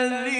الذي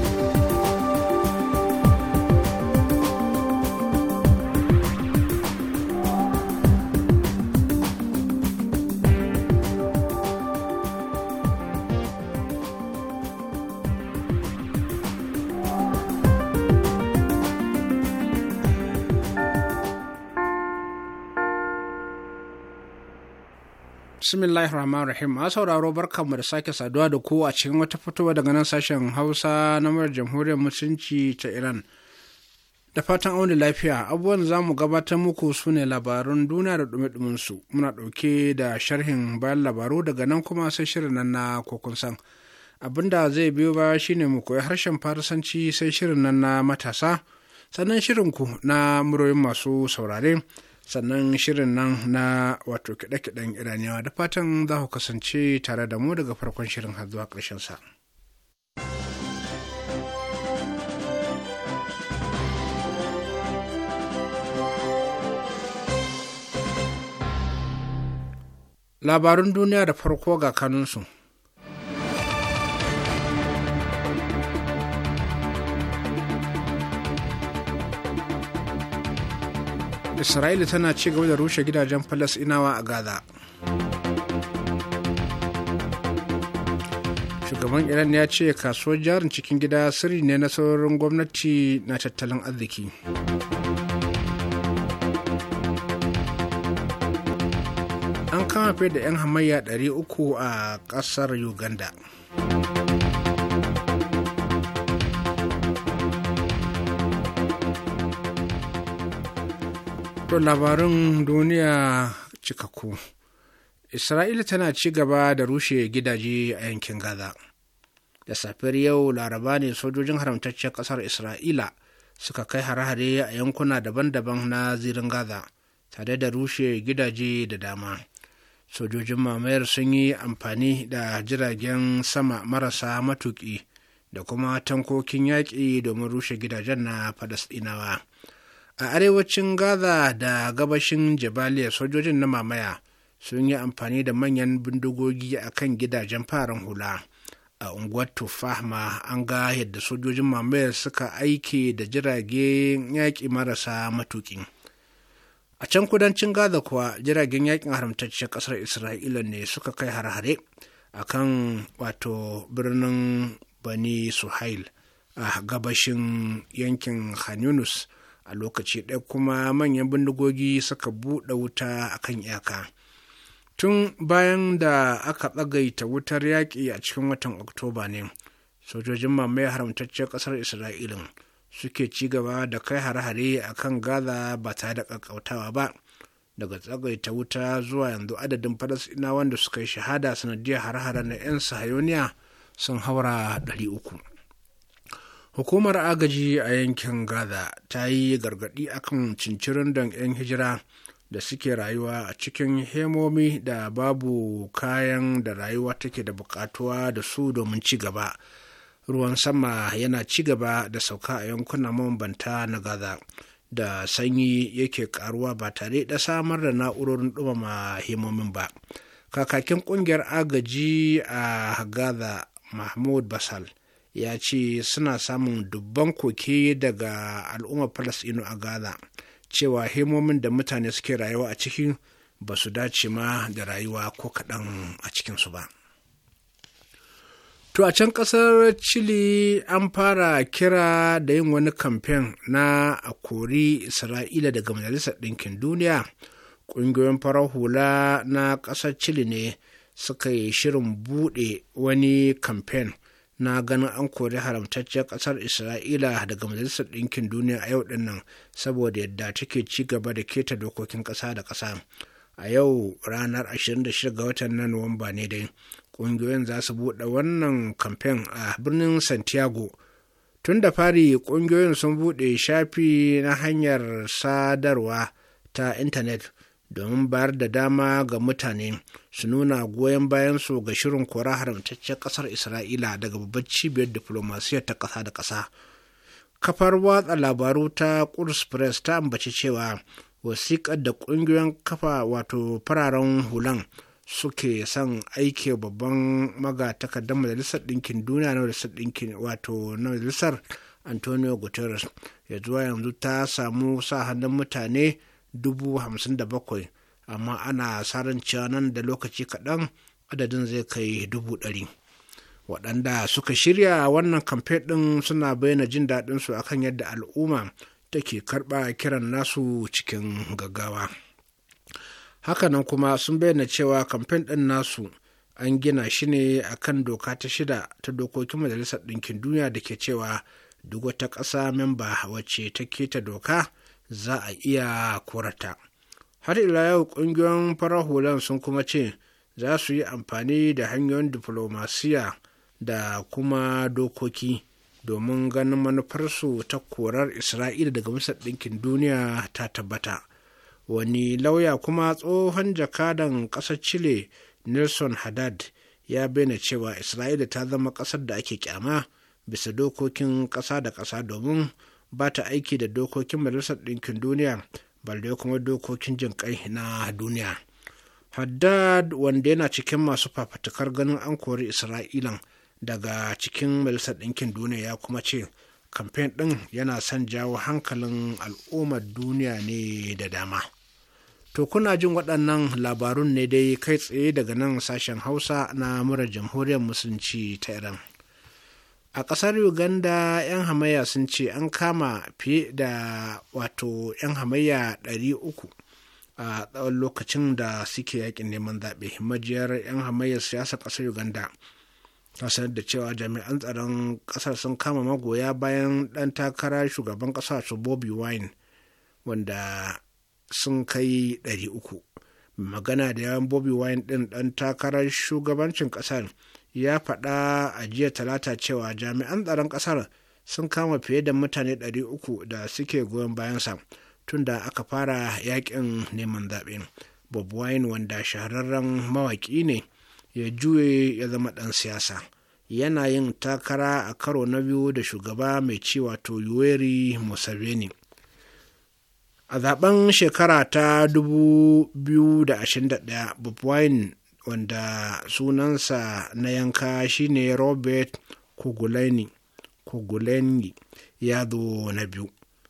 bismillahir rahmanir rahim a sauraro barkanmu da sake saduwa da ku a cikin wata fitowa daga nan sashen hausa na murar jamhuriyar musulunci ta iran da fatan auni lafiya abubuwan za mu gabatar muku su ne labarun duniya da dumi su muna ɗauke da sharhin bayan labaru daga nan kuma sai shirin nan na kokun san abinda zai biyo ba shine mu koyi harshen farisanci sai shirin nan na matasa sannan shirin ku na muroyin masu saurare sannan shirin nan na wato kiɗe-kiɗen iraniyawa da fatan za ku kasance tare da mu daga farkon shirin har zuwa ƙarshen sa. labarun duniya da farko ga kanunsu isra'ila tana ci gaba da rushe gidajen falasinawa a gaza shugaban iran ya ce kasuwar jarin cikin gida sirri ne na sauran gwamnati na tattalin arziki an kama fiye da 'yan hamayya 300 a kasar uganda To labarin duniya cikakku. Isra'ila tana ci gaba da rushe gidaje a yankin Gaza. Da safiyar yau laraba ne sojojin haramtaccen ƙasar Isra'ila suka kai hare-hare a yankuna daban-daban na zirin Gaza, tare da rushe gidaje da dama. Sojojin mamayar sun yi amfani da jiragen sama marasa matuki, da kuma tankokin yaƙi domin rushe gidajen na Falasɗinawa. a arewacin gaza da gabashin jabaliya sojojin na mamaya sun yi amfani da manyan bindigogi a kan gidajen farin hula a unguwar tufahma an ga yadda sojojin mamaya suka aiki da jirage yaƙi marasa matuƙi a can kudancin gaza kuwa jiragen yaƙin haramtacciyar ƙasar isra'ila ne suka kai harhare hare a kan wato birnin bani suhail a gabashin yankin hanunus a lokaci ɗaya kuma manyan bindigogi suka buɗe wuta a kan iyaka tun bayan da aka tsagaita wutar yaƙi a cikin watan oktoba ne sojojin mamaye haramtaccen ƙasar isra'ilin suke ci gaba da kai hare-hare a kan gaza ba tare da ƙaƙƙautawa ba daga tsagaita wuta zuwa yanzu adadin falasɗinawan da suka yi shahada sanadiyar hare-hare na 'yan sahayoniya sun haura 300 hukumar agaji a yankin gaza ta yi gargaɗi akan cincirin don 'yan hijira da suke rayuwa a cikin hemomi da babu kayan da rayuwa take da bukatuwa da su domin ci gaba ruwan sama yana ci gaba da sauka a yankunan mambanta na gaza da sanyi yake karuwa ba tare da samar da na'urorin ɗumama himomin ba kakakin ƙungiyar agaji a gaza mahmud basal ya ce suna samun dubban koke daga al'ummar falasɗinu a gaza cewa himomin da mutane suke rayuwa a ciki ba su dace ma da rayuwa ko kaɗan a cikinsu ba to a can ƙasar chile an fara kira da yin wani kamfen na a kori isra'ila daga majalisar ɗinkin duniya ƙungiyoyin farar hula na ƙasar chile ne suka yi shirin buɗe wani kamfen na ganin an kori haramtacciyar ƙasar isra'ila daga majalisar ɗinkin duniya a yau ɗin nan saboda yadda take ci gaba da keta dokokin ƙasa da ƙasa a yau ranar 26 ga watan na nuwamba ne dai ƙungiyoyin za su buɗe wannan kamfen a birnin santiago tun da fari ƙungiyoyin sun buɗe shafi na hanyar sadarwa ta intanet domin bayar da dama ga mutane su nuna goyon bayansu ga shirin kora haramtaccen kasar isra'ila daga babbar cibiyar diflomasiyyar ta kasa da kasa. kafar watsa labaru ta kurs press ta ambaci cewa wasiƙar da ƙungiyoyin kafa wato fararen hulan suke son aike babban magatakardar majalisar ɗinkin duniya na majalisar ɗinkin wato na majalisar antonio guterres ya zuwa yanzu ta samu sa hannun mutane dubu hamsin da bakwai amma ana saran nan da lokaci kaɗan adadin zai kai dubu ɗari waɗanda suka shirya wannan kamfe ɗin suna bayyana jin daɗinsu akan yadda al'umma take karɓa kiran nasu cikin gaggawa hakanan kuma sun bayyana cewa kamfen ɗin nasu an gina shi ne a kan doka ta shida ta dokokin majalisar ɗinkin duniya da ke cewa duk wata ƙasa memba wacce ta keta doka za a iya korata har ila yau ƙungiyoyin farar hulan sun kuma ce za su yi amfani da hanyoyin diflomasiya da kuma dokoki domin ganin manufarsu ta korar isra'ila daga masar ɗinkin duniya ta tabbata wani lauya kuma tsohon jakadan ƙasar chile nelson haddad ya bayyana cewa isra'ila ta zama ƙasar da ake kyama bisa dokokin ƙasa da ƙasa domin ba ta aiki da dokokin majalisar ɗinkin duniya balle kuma dokokin jin kai na duniya haddad wanda yana cikin masu fafatukar ganin an kori isra'ilan daga cikin majalisar ɗinkin duniya ya kuma ce kamfen ɗin yana son jawo hankalin al'ummar duniya ne da dama to kuna jin waɗannan labarun ne dai kai tsaye daga nan sashen hausa na mura jamhuriyar musulunci ta iran a ƙasar uganda 'yan hamayya sun ce an kama fiye da wato 'yan hamayya 300 a tsawon lokacin da suke yakin neman zaɓe majiyar 'yan hamayyar siyasar ƙasar uganda ta sanar da cewa jami'an tsaron ƙasar sun kama magoya bayan ɗan takara shugaban ƙasa su bobi wine wanda sun kai 300 magana da yawan bobi wine ɗin ɗan takarar shugabancin ƙasar ya faɗa a jiya talata cewa jami'an tsaron ƙasar sun kama fiye da mutane 300 da suke goyon bayansa tun da aka fara yakin neman zaɓe bob wine wanda shahararren mawaƙi ne ya juye ya zama ɗan siyasa yana yin takara a karo na biyu da shugaba mai ci wato yoweri museveni a zaben shekara ta 2021 bob wine wanda sunansa na yanka shine robert kugulani kugulani ya zo na biyu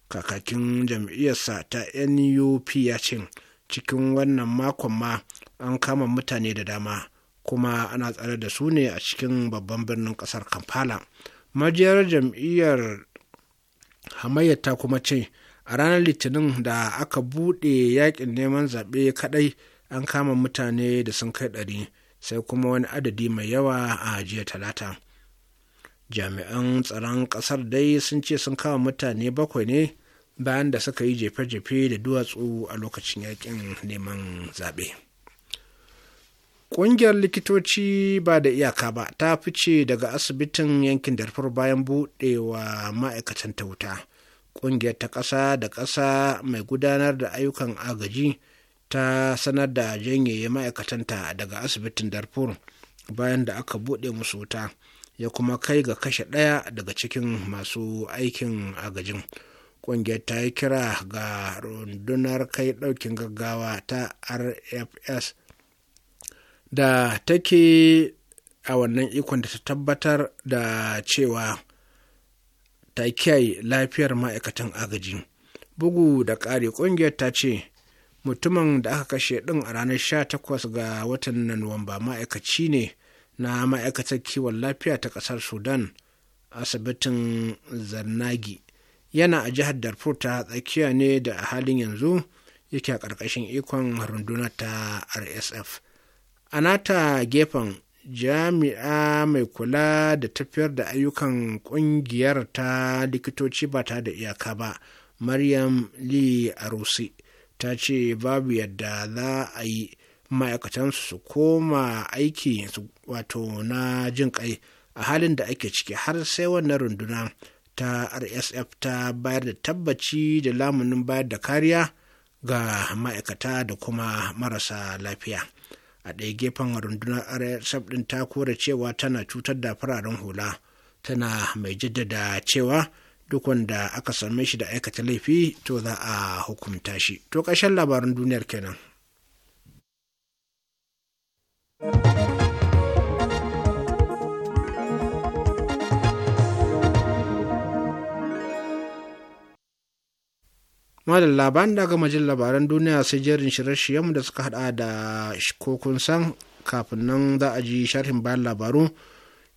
kakakin jam'iyyarsa ta nup ya ce cikin wannan makon ma an kama mutane da dama kuma ana tsare da su ne a cikin babban birnin kasar kampala majiyar jam'iyyar hamayyata ta kuma ce a ranar litinin da aka buɗe yakin neman zaɓe kaɗai an kama mutane da sun kai ɗari sai kuma wani adadi mai yawa a jiya talata jami'an tsaron ƙasar dai sun ce sun kama mutane bakwai ne bayan da suka yi jefe-jefe da duwatsu a lokacin yakin neman zaɓe. Ƙungiyar likitoci ba da iyaka ba ta fice daga asibitin yankin darfur bayan buɗewa ma'aikatan ta wuta. Ƙungiyar ta ƙasa da ƙasa mai gudanar da ayyukan agaji ta sanar da janyeye ma'aikatanta daga asibitin darfur bayan da aka buɗe musu wuta ya kuma kai ga kashe ɗaya daga cikin masu aikin agajin ƙungiyar ta yi kira ga rundunar kai ɗaukin gaggawa ta rfs da take a wannan ikon da ta tabbatar da cewa ta kiyaye lafiyar ma'aikatan agaji bugu da ƙari ƙungiyar ta ce mutumin da aka kashe ɗin a ranar 18 ga watan nuwamba ma'aikaci ne na ma'aikatar kiwon lafiya ta ƙasar sudan asibitin zarnagi yana a jihar darfur ta tsakiya ne da a halin yanzu yake a ƙarƙashin ikon runduna ta rsf a nata gefen jami'a mai kula da tafiyar da ayyukan ƙungiyar ta likitoci ba ta da iyaka ba maryam lee arusi ta ce babu yadda za a yi ma'aikatansu su koma aiki su wato na jin kai a halin da ake ciki har sai wannan runduna ta rsf ta bayar da tabbaci da lamunin bayar da kariya ga ma'aikata da kuma marasa lafiya a ɗaya gefen rundunar rsf ɗin ta kora cewa tana cutar da fararen hula tana mai jaddada cewa duk wanda aka same shi da aikata laifi to za a hukunta shi to ƙarshen labarin duniyar kenan malam Laban, da gama majin labaran duniya sai jerin shirye-shiryenmu da suka hada da kokun san kafin nan za a ji sharhin bayan labaru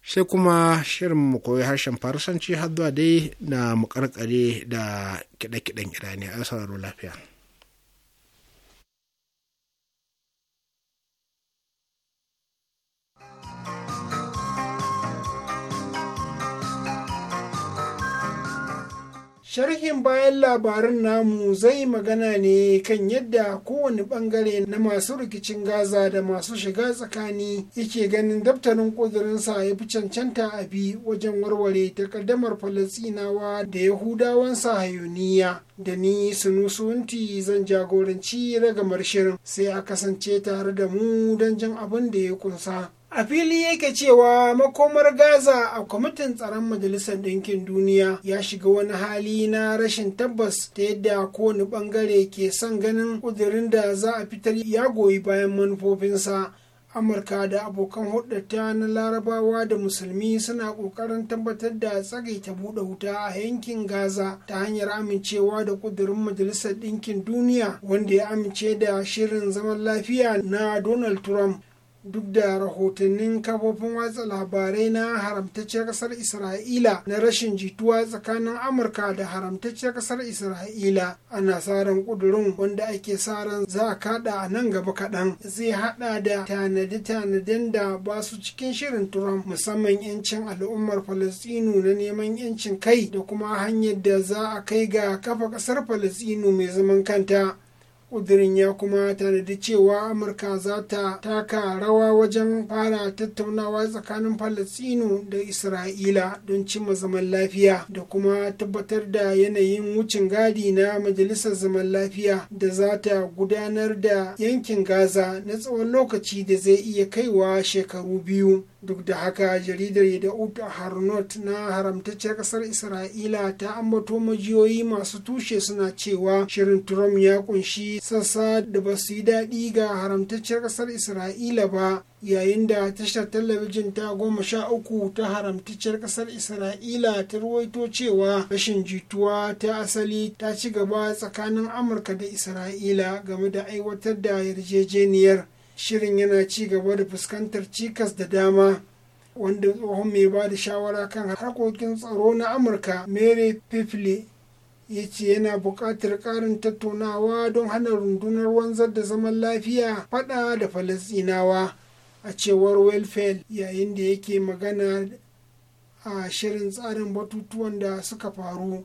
sai kuma shirin mu koyi harshen farisanci har zuwa dai na mu karkare da kiɗe-kiɗen iraniya a sauraro lafiya sharhin bayan labarin namu zai magana ne kan yadda kowane bangare na masu rikicin gaza da masu shiga tsakani yake ganin daftarin ƙudurinsa ya fi cancanta a bi wajen warware takaddamar falasinawa da yahudawan sahayuniya da ni sunusunti zan jagoranci ragamar shirin sai a kasance tare da mu don jin abin da ya kunsa. a fili yake cewa makomar gaza a kwamitin tsaron majalisar ɗinkin duniya ya shiga wani hali na rashin tabbas ta yadda kowane bangare ke son ganin ƙudurin da za a fitar ya goyi bayan manufofinsa amurka da abokan hudata na larabawa da musulmi suna ƙoƙarin tabbatar da tsagaita buɗe wuta a yankin gaza ta hanyar amincewa da ƙudurin majalisar ɗinkin duniya wanda ya amince da shirin zaman lafiya na donald trump duk da rahotannin kafofin watsa labarai na haramtacciyar ƙasar isra'ila na rashin jituwa tsakanin amurka da haramtacciyar ƙasar isra'ila ana tsarin kudurin wanda ake ran za a kada a nan gaba kaɗan zai haɗa da tanadi tanaden da ba su cikin shirin trump musamman yancin al'ummar falastinu na neman yancin kai da kuma hanyar da za a kai ga kafa ƙasar falastinu mai zaman kanta kudirin ya kuma tanadi cewa amurka za ta taka rawa wajen fara tattaunawa tsakanin falastinu da isra'ila don cimma zaman lafiya da kuma tabbatar da yanayin wucin gadi na majalisar zaman lafiya da za ta gudanar da yankin gaza na tsawon lokaci da zai iya kaiwa shekaru biyu duk da haka jaridar yadda'ut harnot na haramtacciyar kasar isra'ila ta ambato majiyoyi masu tushe suna cewa shirin trump ya kunshi sassa da ba su yi daɗi ga haramtacciyar kasar isra'ila ba yayin da tashar talabijin ta goma sha uku ta haramtacciyar kasar isra'ila ta ruwaito cewa rashin jituwa ta asali ta ci gaba tsakanin amurka da isra'ila game da aiwatar da yarjejeniyar shirin yana ci gaba da fuskantar cikas da dama wanda tsohon mai ba da shawara kan harkokin tsaro na amurka mary pifle ya ce yana buƙatar ƙarin tattaunawa don hana rundunar wanzar da zaman lafiya faɗa da falasinawa a cewar welfare yayin da yake magana a shirin tsarin batutuwan da suka faru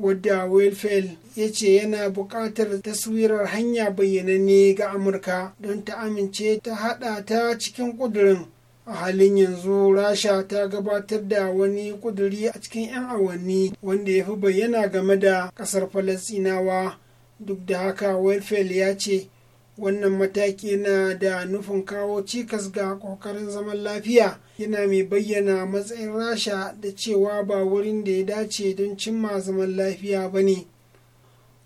wadda welfel ya ce yana buƙatar taswirar hanya bayyananne ga amurka don ta amince ta haɗa ta cikin ƙudurin a halin yanzu rasha ta gabatar da wani ƙuduri a cikin 'yan awanni wanda ya fi bayyana game da ƙasar falasinawa duk da haka welfel ya ce wannan mataki yana da nufin kawo cikas ga kokarin zaman lafiya yana mai bayyana matsayin rasha da cewa ba wurin da ya dace don cimma zaman lafiya ba ne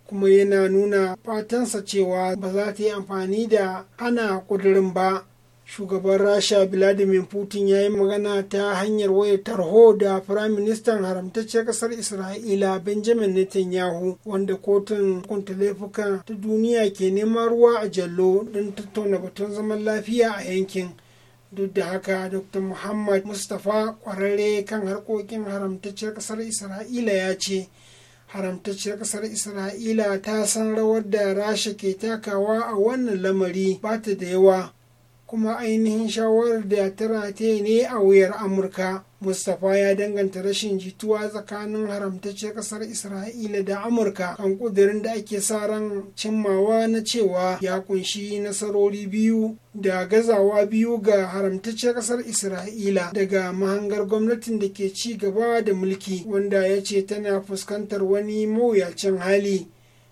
kuma yana nuna fatansa cewa ba za ta yi amfani da hana kudurin ba shugaban rasha vladimir putin ya yi magana ta hanyar wayar tarho da firaministan ministan haramtacciyar kasar isra'ila benjamin netanyahu wanda kotun hukunta laifuka ta duniya ke neman ruwa a jallo don tattauna batun zaman lafiya a yankin duk da haka dr muhammad mustapha kwararre kan harkokin haramtacciyar kasar isra'ila ya ce haramtacciyar kasar isra'ila ta san rawar da rasha ke takawa a wannan lamari ba ta da yawa kuma ainihin shawarar da ta rataye ne a wuyar amurka mustapha ya danganta rashin jituwa tsakanin haramtacciyar kasar isra'ila da amurka kan kudirin da ake sa ran cimmawa na cewa ya kunshi nasarori biyu da gazawa biyu ga haramtacciyar kasar isra'ila daga mahangar gwamnatin da ke ci gaba da mulki wanda ya ce tana fuskantar wani mawuyacin hali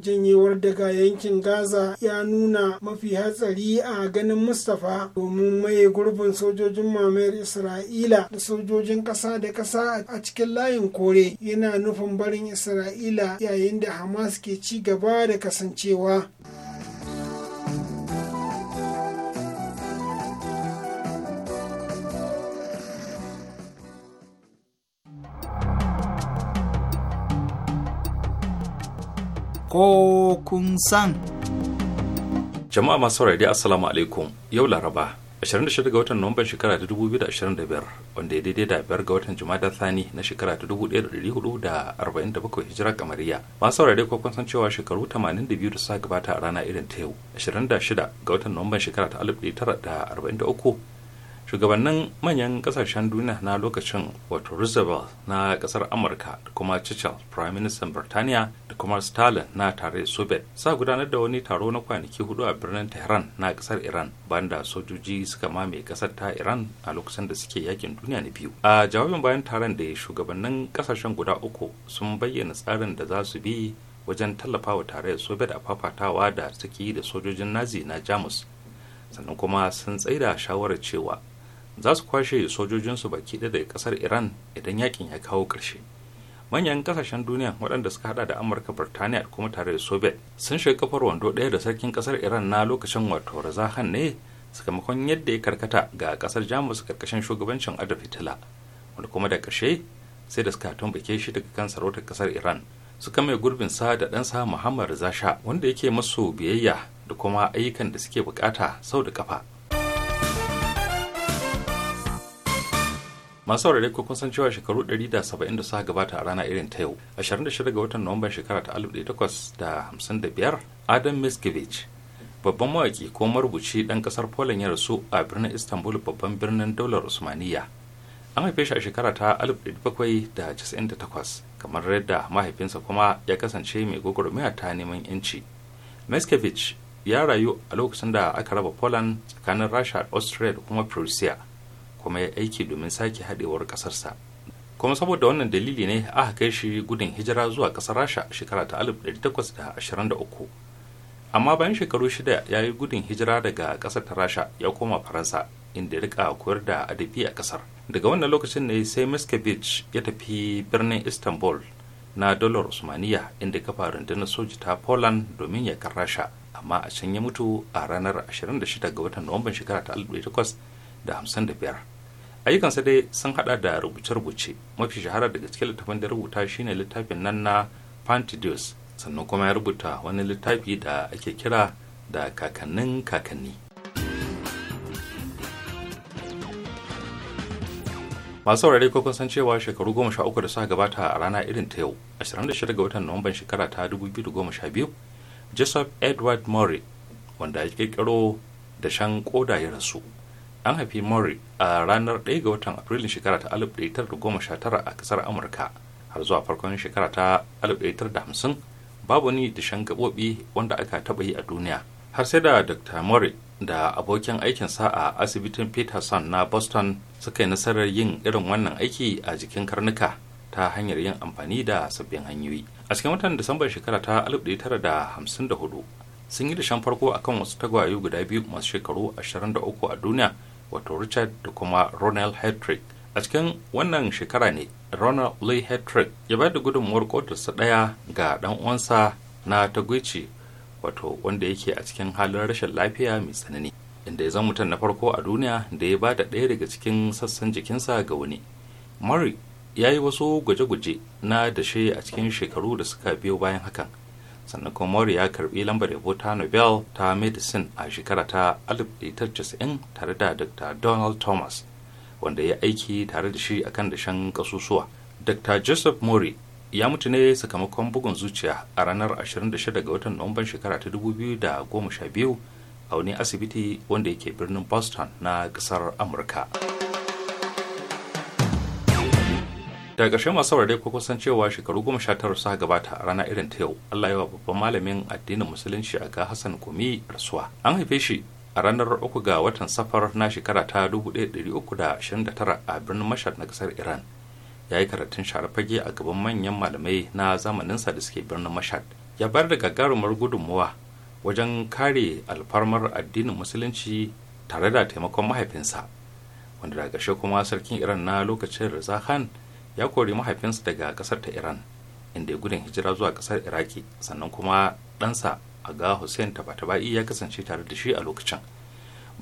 janyewar daga yankin gaza ya nuna mafi hatsari a ganin mustapha domin maye gurbin sojojin mamayar isra'ila da sojojin kasa da kasa a cikin layin kore yana nufin barin isra'ila yayin da hamas ke ci gaba da kasancewa ko kun san. Jama'a masu raidi Assalamu alaikum yau Laraba 26 ga watan Nuwamban shekara ta 2025 wanda ya daidai da biyar ga watan Jumada Thani na shekara ta 1447 hijira kamariya. Masu raidi ko kun san cewa shekaru 82 da suka gabata a rana irin ta yau 26 ga watan Nuwamban shekara ta 1943 shugabannin manyan kasashen duniya na lokacin wato roosevelt na kasar amurka da kuma churchill prime minister birtaniya da kuma stalin na tare soviet sa gudanar da wani taro na kwanaki hudu a birnin tehran na kasar iran banda sojoji suka mame kasar ta iran a lokacin da suke yakin duniya na biyu a jawabin bayan taron da shugabannin kasashen guda uku sun bayyana tsarin da za su bi wajen tallafawa tarayyar soviet a fafatawa da suke yi da sojojin nazi na jamus sannan kuma sun tsaida shawarar cewa za su kwashe sojojinsu baki ɗaya daga ƙasar iran idan yakin ya kawo ƙarshe manyan ƙasashen duniya waɗanda suka hada da amurka birtaniya da kuma tare da soviet sun shiga kafar wando ɗaya da sarkin ƙasar iran na lokacin wato razahan ne sakamakon yadda ya karkata ga ƙasar jamus karkashin shugabancin adolf hitler wanda kuma da ƙarshe sai da suka tumbuke shi daga kan sarautar ƙasar iran suka mai gurbin sa da ɗansa muhammad zasha wanda yake masu biyayya da kuma ayyukan da suke bukata sau da kafa masu saurare ko kun san cewa shekaru 170 da suka gabata a rana irin ta yau 26 ga watan nuwamban shekara ta 1855 adam miskevich babban mawaki ko marubuci ɗan ƙasar poland ya rasu a birnin istanbul babban birnin daular usmaniya an haife shi a shekara ta 1798 kamar yadda mahaifinsa kuma ya kasance mai gwagwarmaya ta neman yanci miskevich ya rayu a lokacin da aka raba poland tsakanin rasha austria da kuma prussia kuma ya aiki domin sake haɗewar ƙasarsa kuma saboda wannan dalili ne aka kai shi gudun hijira zuwa ƙasar rasha shekara ta 1823 amma bayan shekaru shida ya yi gudun hijira daga ƙasar ta rasha ya koma faransa inda ya rika koyar da adabi a ƙasar daga wannan lokacin ne sai miskevich ya tafi birnin istanbul na dolar usmaniya inda kafa rundunar soji ta poland domin ya kan rasha amma a can ya mutu a ranar 26 ga watan shekara ta da hamsin da biyar ayyukansa dai sun haɗa da rubuce-rubuce mafi shahara daga cikin littafin da rubuta shine littafin nan na pantidius sannan kuma ya rubuta wani littafi da ake kira da kakannin kakanni masu saurari ko kun cewa shekaru goma sha uku da suka gabata a rana irin ta yau 26 ga watan nuwamban shekara ta 2012 joseph edward murray wanda ya kirkiro da shan koda ya rasu an haifi mori a ranar 1 ga watan afrilun shekara ta 1919 a kasar amurka har zuwa farkon shekara ta 1950 babu ni da shan gabobi wanda aka taɓa yi a duniya har sai da dr mori da abokin aikinsa a asibitin peterson na boston suka yi nasarar yin irin wannan aiki a jikin karnuka ta hanyar yin amfani da sabbin hanyoyi a cikin watan disambar shekara ta 1954 sun yi dashen farko akan wasu tagwaye guda biyu masu shekaru 23 a duniya wato richard da kuma ronald hedrick a cikin wannan shekara ne ronald lee ya bayar da gudunmuwar kotarsa daya ga dan uwansa na tagwici wato wanda yake a cikin halin rashin lafiya mai tsanani inda ya zama mutum na farko a duniya da ya ba da ɗaya daga cikin sassan jikinsa ga wani murray ya yi wasu gwaje-gwaje na dashe a cikin shekaru da suka biyo bayan hakan sannan kuma mori ya karbi lambar yabo ta nobel ta medicine a shekara ta 1990 tare da dr donald thomas wanda ya aiki tare da shi a kan dashen kasusuwa dr joseph mori ya mutu ne sakamakon bugun zuciya a ranar 26 ga watan nuwamban shekara ta 2012 a wani asibiti wanda yake birnin boston na kasar amurka daga ƙarshen masu saurare ko kusan cewa shekaru goma sha tara suka gabata a rana irin ta yau allah ya wa babban malamin addinin musulunci a ga hassan kumi rasuwa an haife shi a ranar uku ga watan safar na shekara ta 1329 a birnin mashhad na kasar iran ya yi karatun sharafage a gaban manyan malamai na zamaninsa da suke birnin mashhad ya bayar da gagarumar gudunmuwa wajen kare alfarmar addinin musulunci tare da taimakon mahaifinsa wanda daga kuma sarkin iran na lokacin Reza ya kori mahaifinsa daga kasar ta iran inda ya gudun hijira zuwa kasar iraki sannan kuma ɗansa aga hussein tabatabai ya kasance tare da shi a lokacin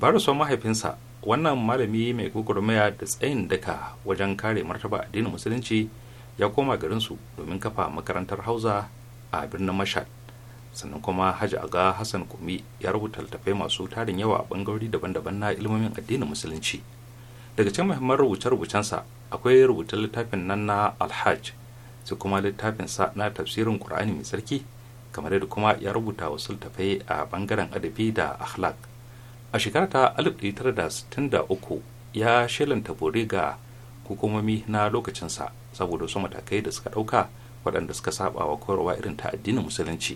barasuwar mahaifinsa wannan malami mai gugurmaya da tsayin daka wajen kare martaba addinin musulunci ya koma garinsu domin kafa makarantar hausa a birnin mashad sannan kuma hajji aga hassan kumi ya rubuta littattafai masu tarin yawa a bangarori daban-daban na ilmomin addinin musulunci daga cikin muhimman rubuce-rubucensa akwai rubuta littafin nan na alhaj sai kuma littafin sa na tafsirin qur'ani mai tsarki kamar yadda kuma ya rubuta wasu littafai a bangaren adabi da akhlaq a shekara ta 1963 ya shelanta bore ga hukumomi na lokacin sa saboda su matakai da suka dauka waɗanda suka saba wa koyarwa irin ta addinin musulunci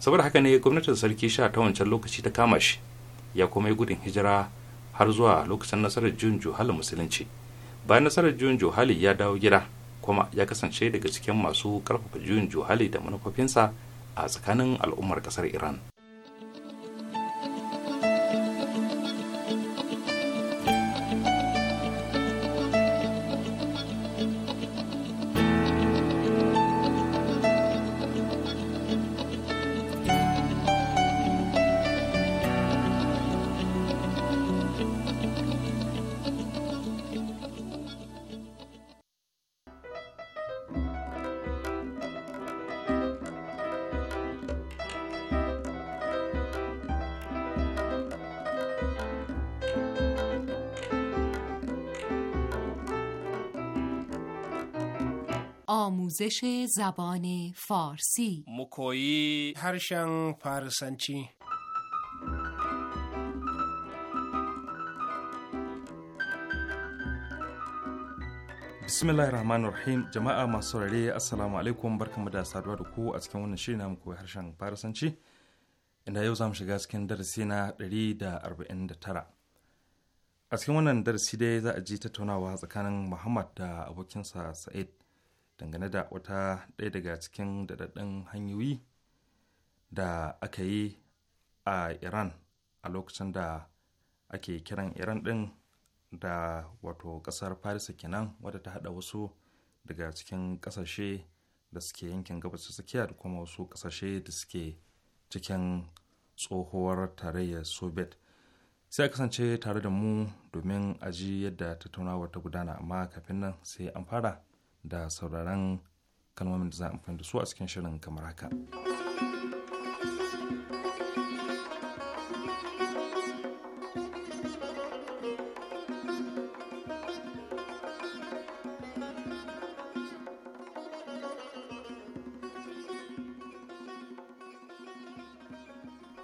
saboda haka ne gwamnatin sarki sha ta wancan lokaci ta kama shi ya kuma yi gudun hijira har zuwa lokacin nasarar juyin juhalin musulunci bayan nasarar juyin johali ya dawo gida kuma ya kasance daga cikin masu karfafa juyin johali da manufofinsa a tsakanin al'ummar kasar iran آموزش zaboni فارسی مکویی هرشن فارسنچی bismillahir rahmanir rahim jama'a masu saurari assalamu alaikum barkamu da saduwa da ku a cikin wannan shirin namu koyi harshen farasanci inda yau za mu shiga cikin darasi na da 149 a cikin wannan darasi dai za a je tattaunawa tsakanin muhammad da abokinsa sa'id dangane da wata ɗaya daga cikin daɗaɗɗen hanyoyi da aka yi a iran a lokacin da ake kiran iran ɗin da wato ƙasar farisa kenan wadda ta haɗa wasu daga cikin ƙasashe da suke yankin gabas tsakiya da kuma wasu ƙasashe da suke cikin tsohuwar tarayyar soviet sai a kasance tare da mu domin aji yadda tattaunawa ta gudana amma kafin nan sai an fara da sauraron kalmomin da za a amfani da su a cikin shirin kamar haka.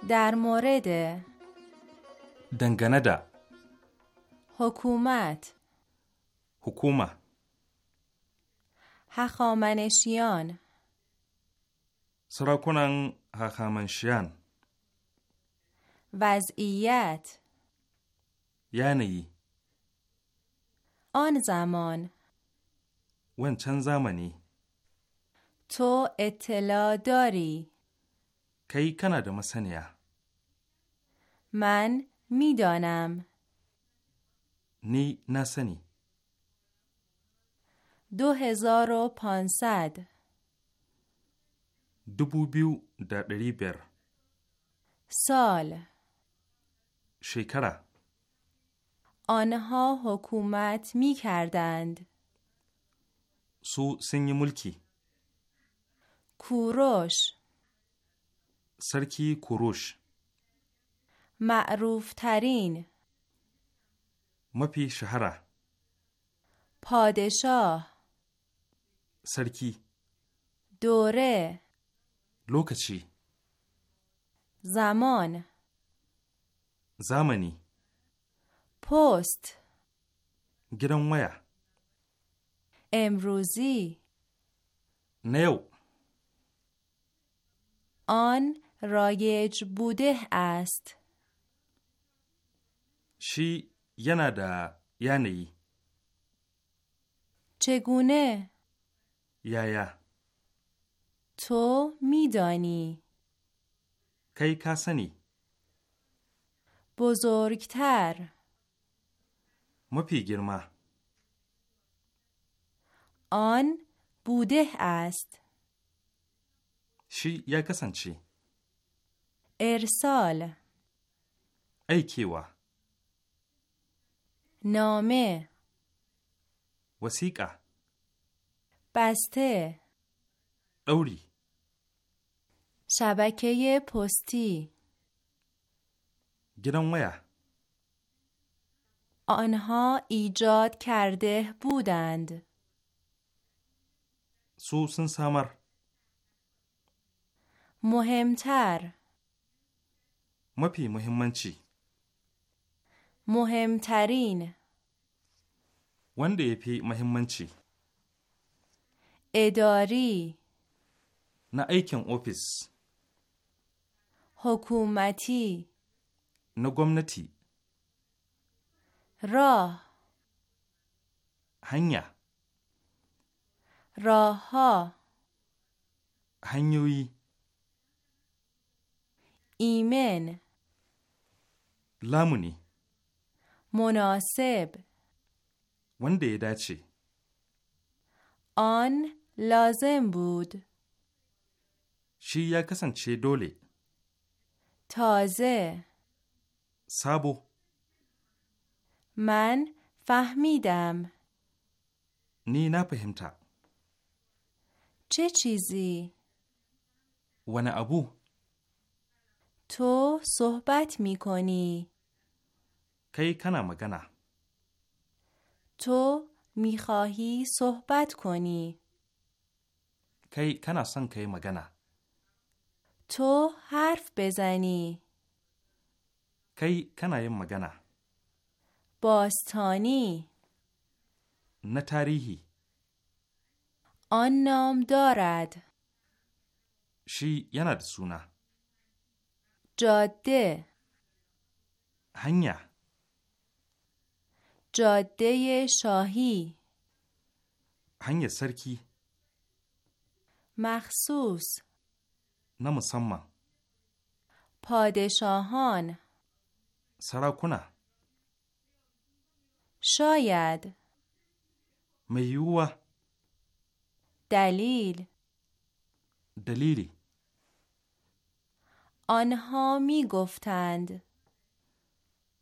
در مورد دنگنه حکومت حکومه هخامنشیان سراکنن هخامنشیان وضعیت یعنی آن زمان چند زمانی تو اطلاع داری کی کانادا مسنیا من میدانم نی نسنی دو هزار پانصد در ریبر سال شکره آنها حکومت می کردند سو سنگ ملکی کوروش سرکی کوروش معروف ترین مپی شهره پادشاه سرکی دوره لوکچی زمان زمانی پست گران امروزی نو آن رایج بوده است شی ینا دا یعنی چگونه یایا تو میدانی کی کسنی بزرگتر ما گرما آن بوده است شی یا چی ارسال ای کیوا نامه وسیقه بسته اولی شبکه پستی گرانویا آنها ایجاد کرده بودند سوسن سامر. مهمتر مپی مهمنچی مهمترین ونده پی مهمنچی اداری نه ایکن اوفیس حکومتی نه گمنتی راه هنیا راه ها هنیوی ایمن لامونی مناسب ونده ya آن لازم بود شی یا چی دوله تازه سابو من فهمیدم نی نپهمتا. چه چیزی؟ ون ابو تو صحبت می کنی کی کنا مگنا تو میخواهی صحبت کنی کی کنا سن کی مگنا تو حرف بزنی کی کنا یم مگنا باستانی نه آن نام دارد شی یند سونا جاده هنیا جاده شاهی هنیا سرکی مخصوص نه پادشاهان سراکونه شاید میوه دلیل دلیلی آنها می گفتند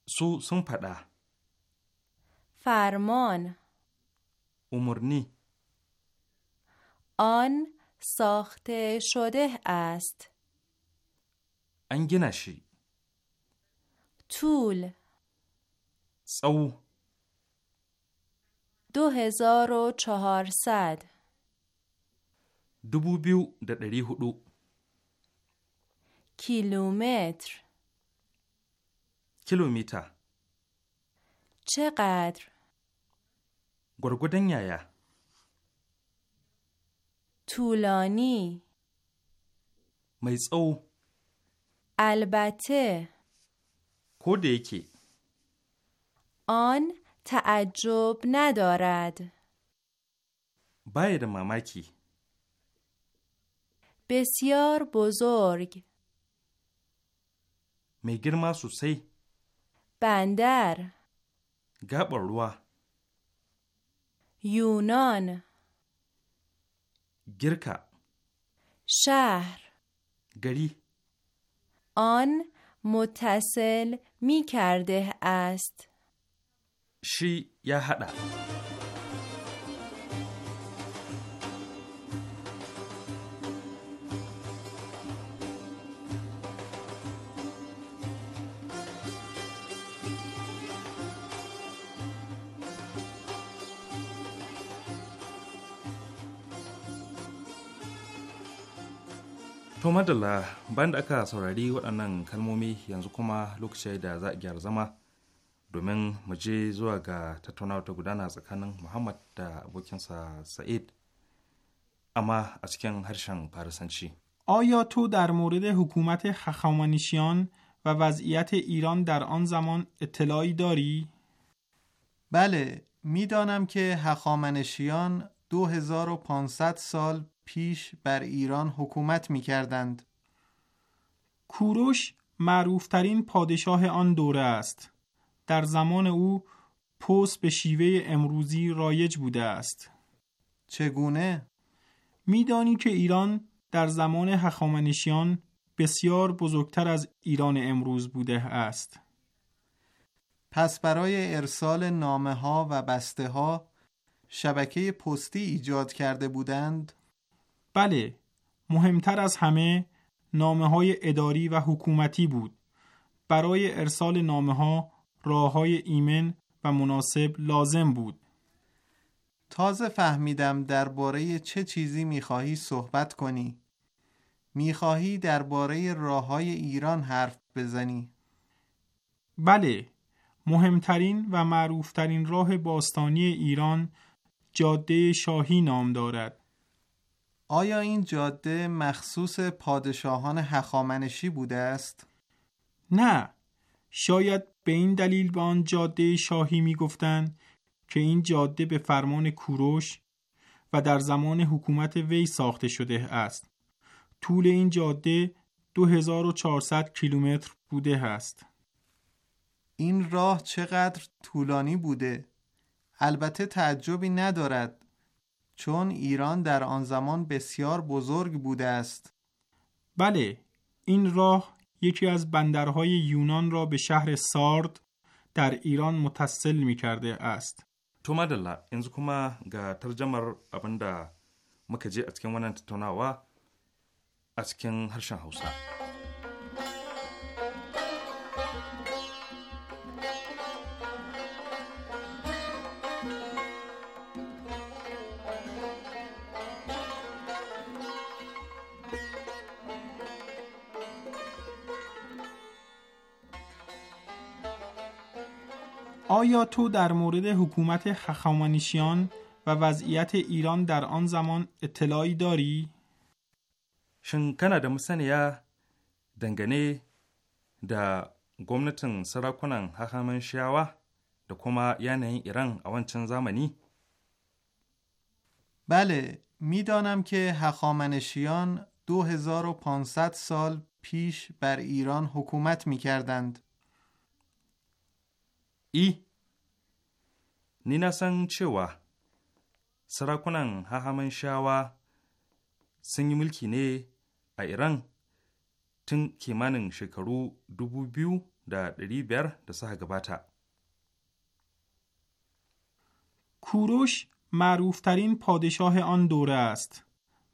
سو سن فرمان عمرنی آن ساخته شده است انگنشی طول سو دو هزار و چهارصد دوبو بیو در کیلومتر کیلومتر چقدر گرگودن یایا طولانی میزو البته کودکی آن تعجب ندارد باید مامکی بسیار بزرگ میگر ما سوسی بندر گابروا یونان گرکا شهر گری آن متصل می کرده است شی یا هده To madalla ban da aka saurari waɗannan kalmomi yanzu kuma lokaci da za a gyara zama domin mu je zuwa ga tattaunawa ta gudana tsakanin Muhammad da abokinsa Sa'id amma a cikin harshen Farisanci. آیا تو در مورد حکومت خخامنشیان و وضعیت ایران در آن زمان اطلاعی داری؟ بله میدانم که هخامنشیان 2500 سال پیش بر ایران حکومت می کردند. کوروش معروفترین پادشاه آن دوره است. در زمان او پست به شیوه امروزی رایج بوده است. چگونه؟ میدانی که ایران در زمان هخامنشیان بسیار بزرگتر از ایران امروز بوده است. پس برای ارسال نامه ها و بسته ها شبکه پستی ایجاد کرده بودند بله مهمتر از همه نامه های اداری و حکومتی بود برای ارسال نامه ها راه های ایمن و مناسب لازم بود تازه فهمیدم درباره چه چیزی میخواهی صحبت کنی میخواهی درباره راه های ایران حرف بزنی بله مهمترین و معروفترین راه باستانی ایران جاده شاهی نام دارد آیا این جاده مخصوص پادشاهان هخامنشی بوده است؟ نه شاید به این دلیل به آن جاده شاهی میگفتند که این جاده به فرمان کوروش و در زمان حکومت وی ساخته شده است طول این جاده 2400 کیلومتر بوده است این راه چقدر طولانی بوده البته تعجبی ندارد چون ایران در آن زمان بسیار بزرگ بوده است بله این راه یکی از بندرهای یونان را به شهر سارد در ایران متصل می کرده است تو مدلا انزو کما گا ترجمر ابنده مکجی اتکن ونن تتوناوا اتکن هرشن هوسه. آیا تو در مورد حکومت خخامانیشیان و وضعیت ایران در آن زمان اطلاعی داری؟ شن در da دنگنه dangane گومنتن gwamnatin sarakunan دکوما da یعنی ایران اوان چند بله میدانم که هخامنشیان 2500 سال پیش بر ایران حکومت می کردند. ای ni na san cewa sarakunan Hahaman-shawa sun yi mulki ne a Iran tun kimanin shekaru dubu biyu da ɗari biyar da کوروش معروفترین پادشاه آن دوره است.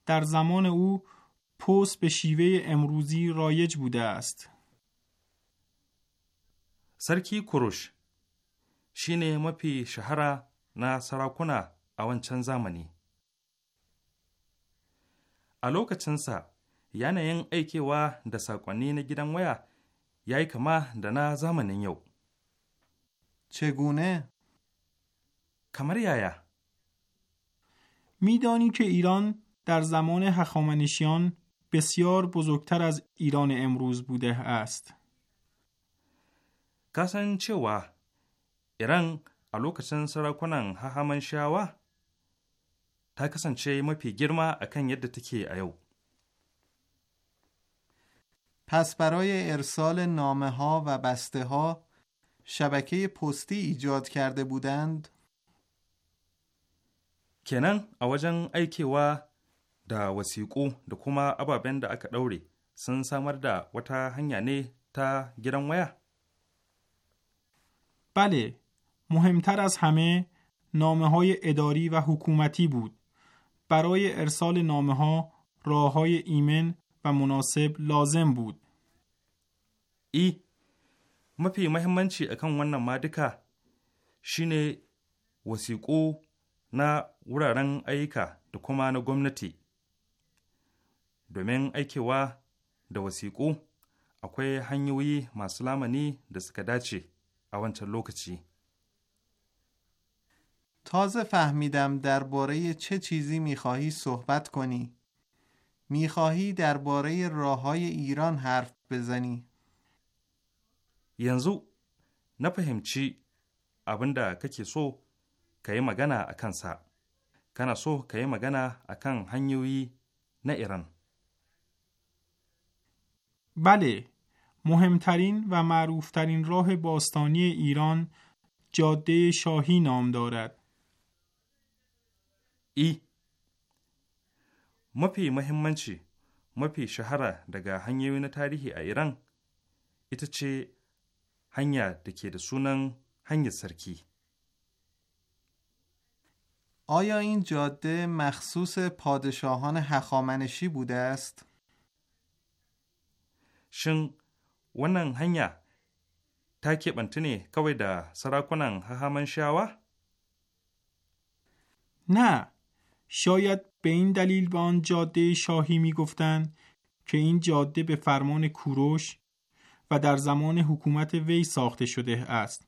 در زمان او پست به شیوه امروزی رایج بوده است. سرکی کوروش shine mafi shahara na sarakuna a wancan zamani. A lokacinsa, yanayin aikewa da saƙonni na gidan waya ya yi kama da na zamanin yau. ne. Kamar yaya. میدانی که ایران در زمان هخامنشیان بسیار بزرگتر از ایران امروز بوده است. کسان cewa. Iran a lokacin sarakunan Hahaman Shawa ta kasance mafi girma a kan yadda take a yau. پس برای ارسال نامه ها و بسته ها شبکه پستی ایجاد کرده بودند کنن اوجن ایکی و دا وسیقو دا کما ابا بند اکا دوری سن سامر دا وتا هنیا نه تا گیرن ویا بله مهمتر از همه نامه های اداری و حکومتی بود. برای ارسال نامه ها راه های ایمن و مناسب لازم بود. ای mafi mahimmanci akan wannan ma duka shine wasiƙu na wuraren ayyuka da kuma na gwamnati domin aikewa da wasiƙu akwai hanyoyi masu lamani da suka dace a wancan lokaci تازه فهمیدم درباره چه چیزی میخواهی صحبت کنی میخواهی درباره راههای ایران حرف بزنی ینزو نفهمچی چی. da سو سو کای مگنا اکان سا kansa سو کای مگنا اکان هنیوی نا ایران بله مهمترین و معروفترین راه باستانی ایران جاده شاهی نام دارد ای e. mafi mahimmanci mafi shahara daga hanyoyi na tarihi a Iran ita ce hanya da ke da sunan hanyar sarki. آیا این جاده مخصوص پادشاهان هخامنشی بوده است؟ شن ونن هنیا تا keɓanta ne kawai da sarakunan hahaman shawa? نه شاید به این دلیل به آن جاده شاهی میگفتند که این جاده به فرمان کوروش و در زمان حکومت وی ساخته شده است.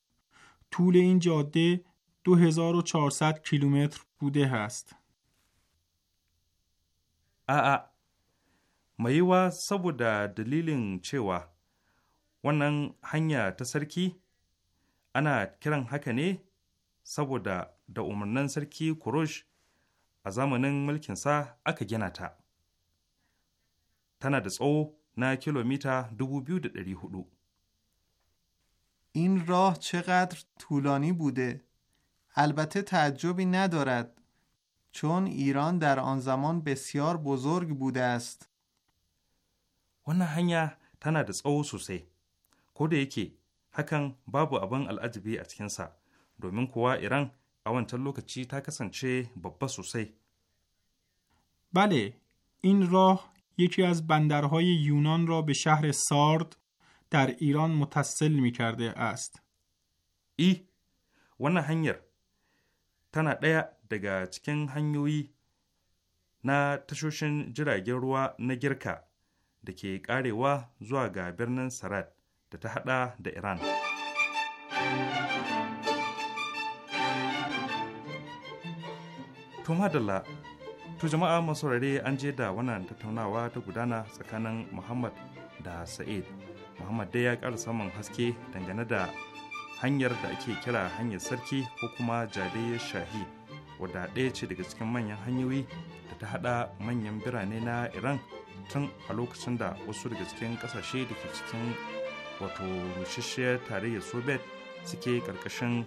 طول این جاده 2400 کیلومتر بوده است. ا مایوا سبوده saboda dalilin cewa wannan hanya ta sarki ana kiran haka ne saboda da umarnin a zamanin mulkinsa aka gina ta. Tana da tsawo na kilomita 2,400. این راه چقدر طولانی بوده البته تعجبی ندارد چون ایران در آن زمان بسیار بزرگ بوده است wannan hanya tana da tsawo sosai ko da yake hakan babu abin al'ajabi a cikinsa domin kuwa iran a wancan lokaci ta kasance babba sosai. Bale, in راه یکی از بندرهای یونان را به شهر سارد در ایران متصل می کرده است. wannan hanyar tana ɗaya daga cikin hanyoyi na tashoshin jiragen ruwa na girka da ke ƙarewa zuwa ga birnin sarad da ta haɗa da iran. alaikum hadalla to jama'a masu an je da wannan tattaunawa ta gudana tsakanin Muhammad da Sa'id. Muhammad dai ya ƙara samun haske dangane da hanyar da ake kira hanyar sarki ko kuma jade shahi wadda ɗaya ce daga cikin manyan hanyoyi da ta haɗa manyan birane na Iran tun a lokacin da wasu daga cikin ƙasashe da ke cikin wato rushishiyar tarayyar Soviet suke karkashin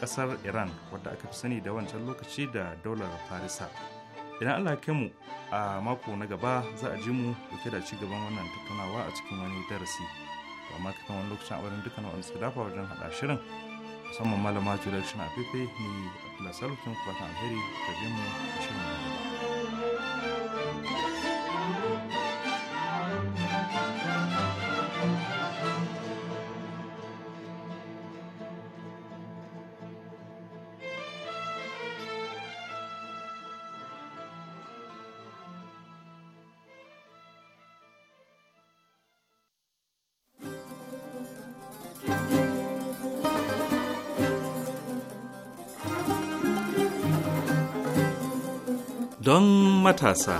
kasar iran wadda aka fi sani da wancan lokaci da daular farisa idan allah kai mu a mako na gaba za a ji mu dauke da ci gaban wannan tattaunawa a cikin wani darasi to amma kafin wani lokacin a wurin dukkan wani sadafa wajen haɗa shirin musamman malama julia na fefe ne abdullahi salukin fatan alheri da mu shirin matasa.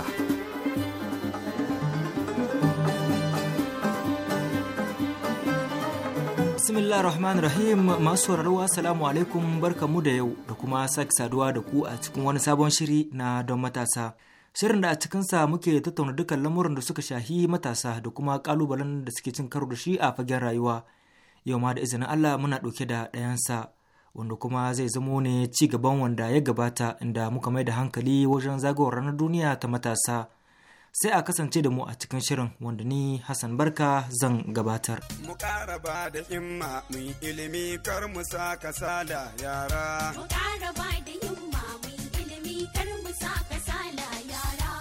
Bismillah rahman rahim masu sauraro salamu alaikum barkamu da yau da kuma sake saduwa da ku a cikin wani sabon shiri na don matasa. Shirin da a cikinsa muke tattauna dukkan lamurin da suka shahi matasa da kuma kalubalen da suke cin karo da shi a fagen rayuwa. Yau ma da izinin Allah muna ɗauke da ɗayansa. wanda kuma zai zamo ne ci gaban wanda ya gabata inda muka mai da hankali wajen zagawar ranar duniya ta matasa sai a kasance da mu a cikin shirin wanda ni hassan barka zan gabatar mu ƙara da himma mu ilimi kar mu sa kasala yara mu ƙara da himma mu ilimi kar mu sa kasala yara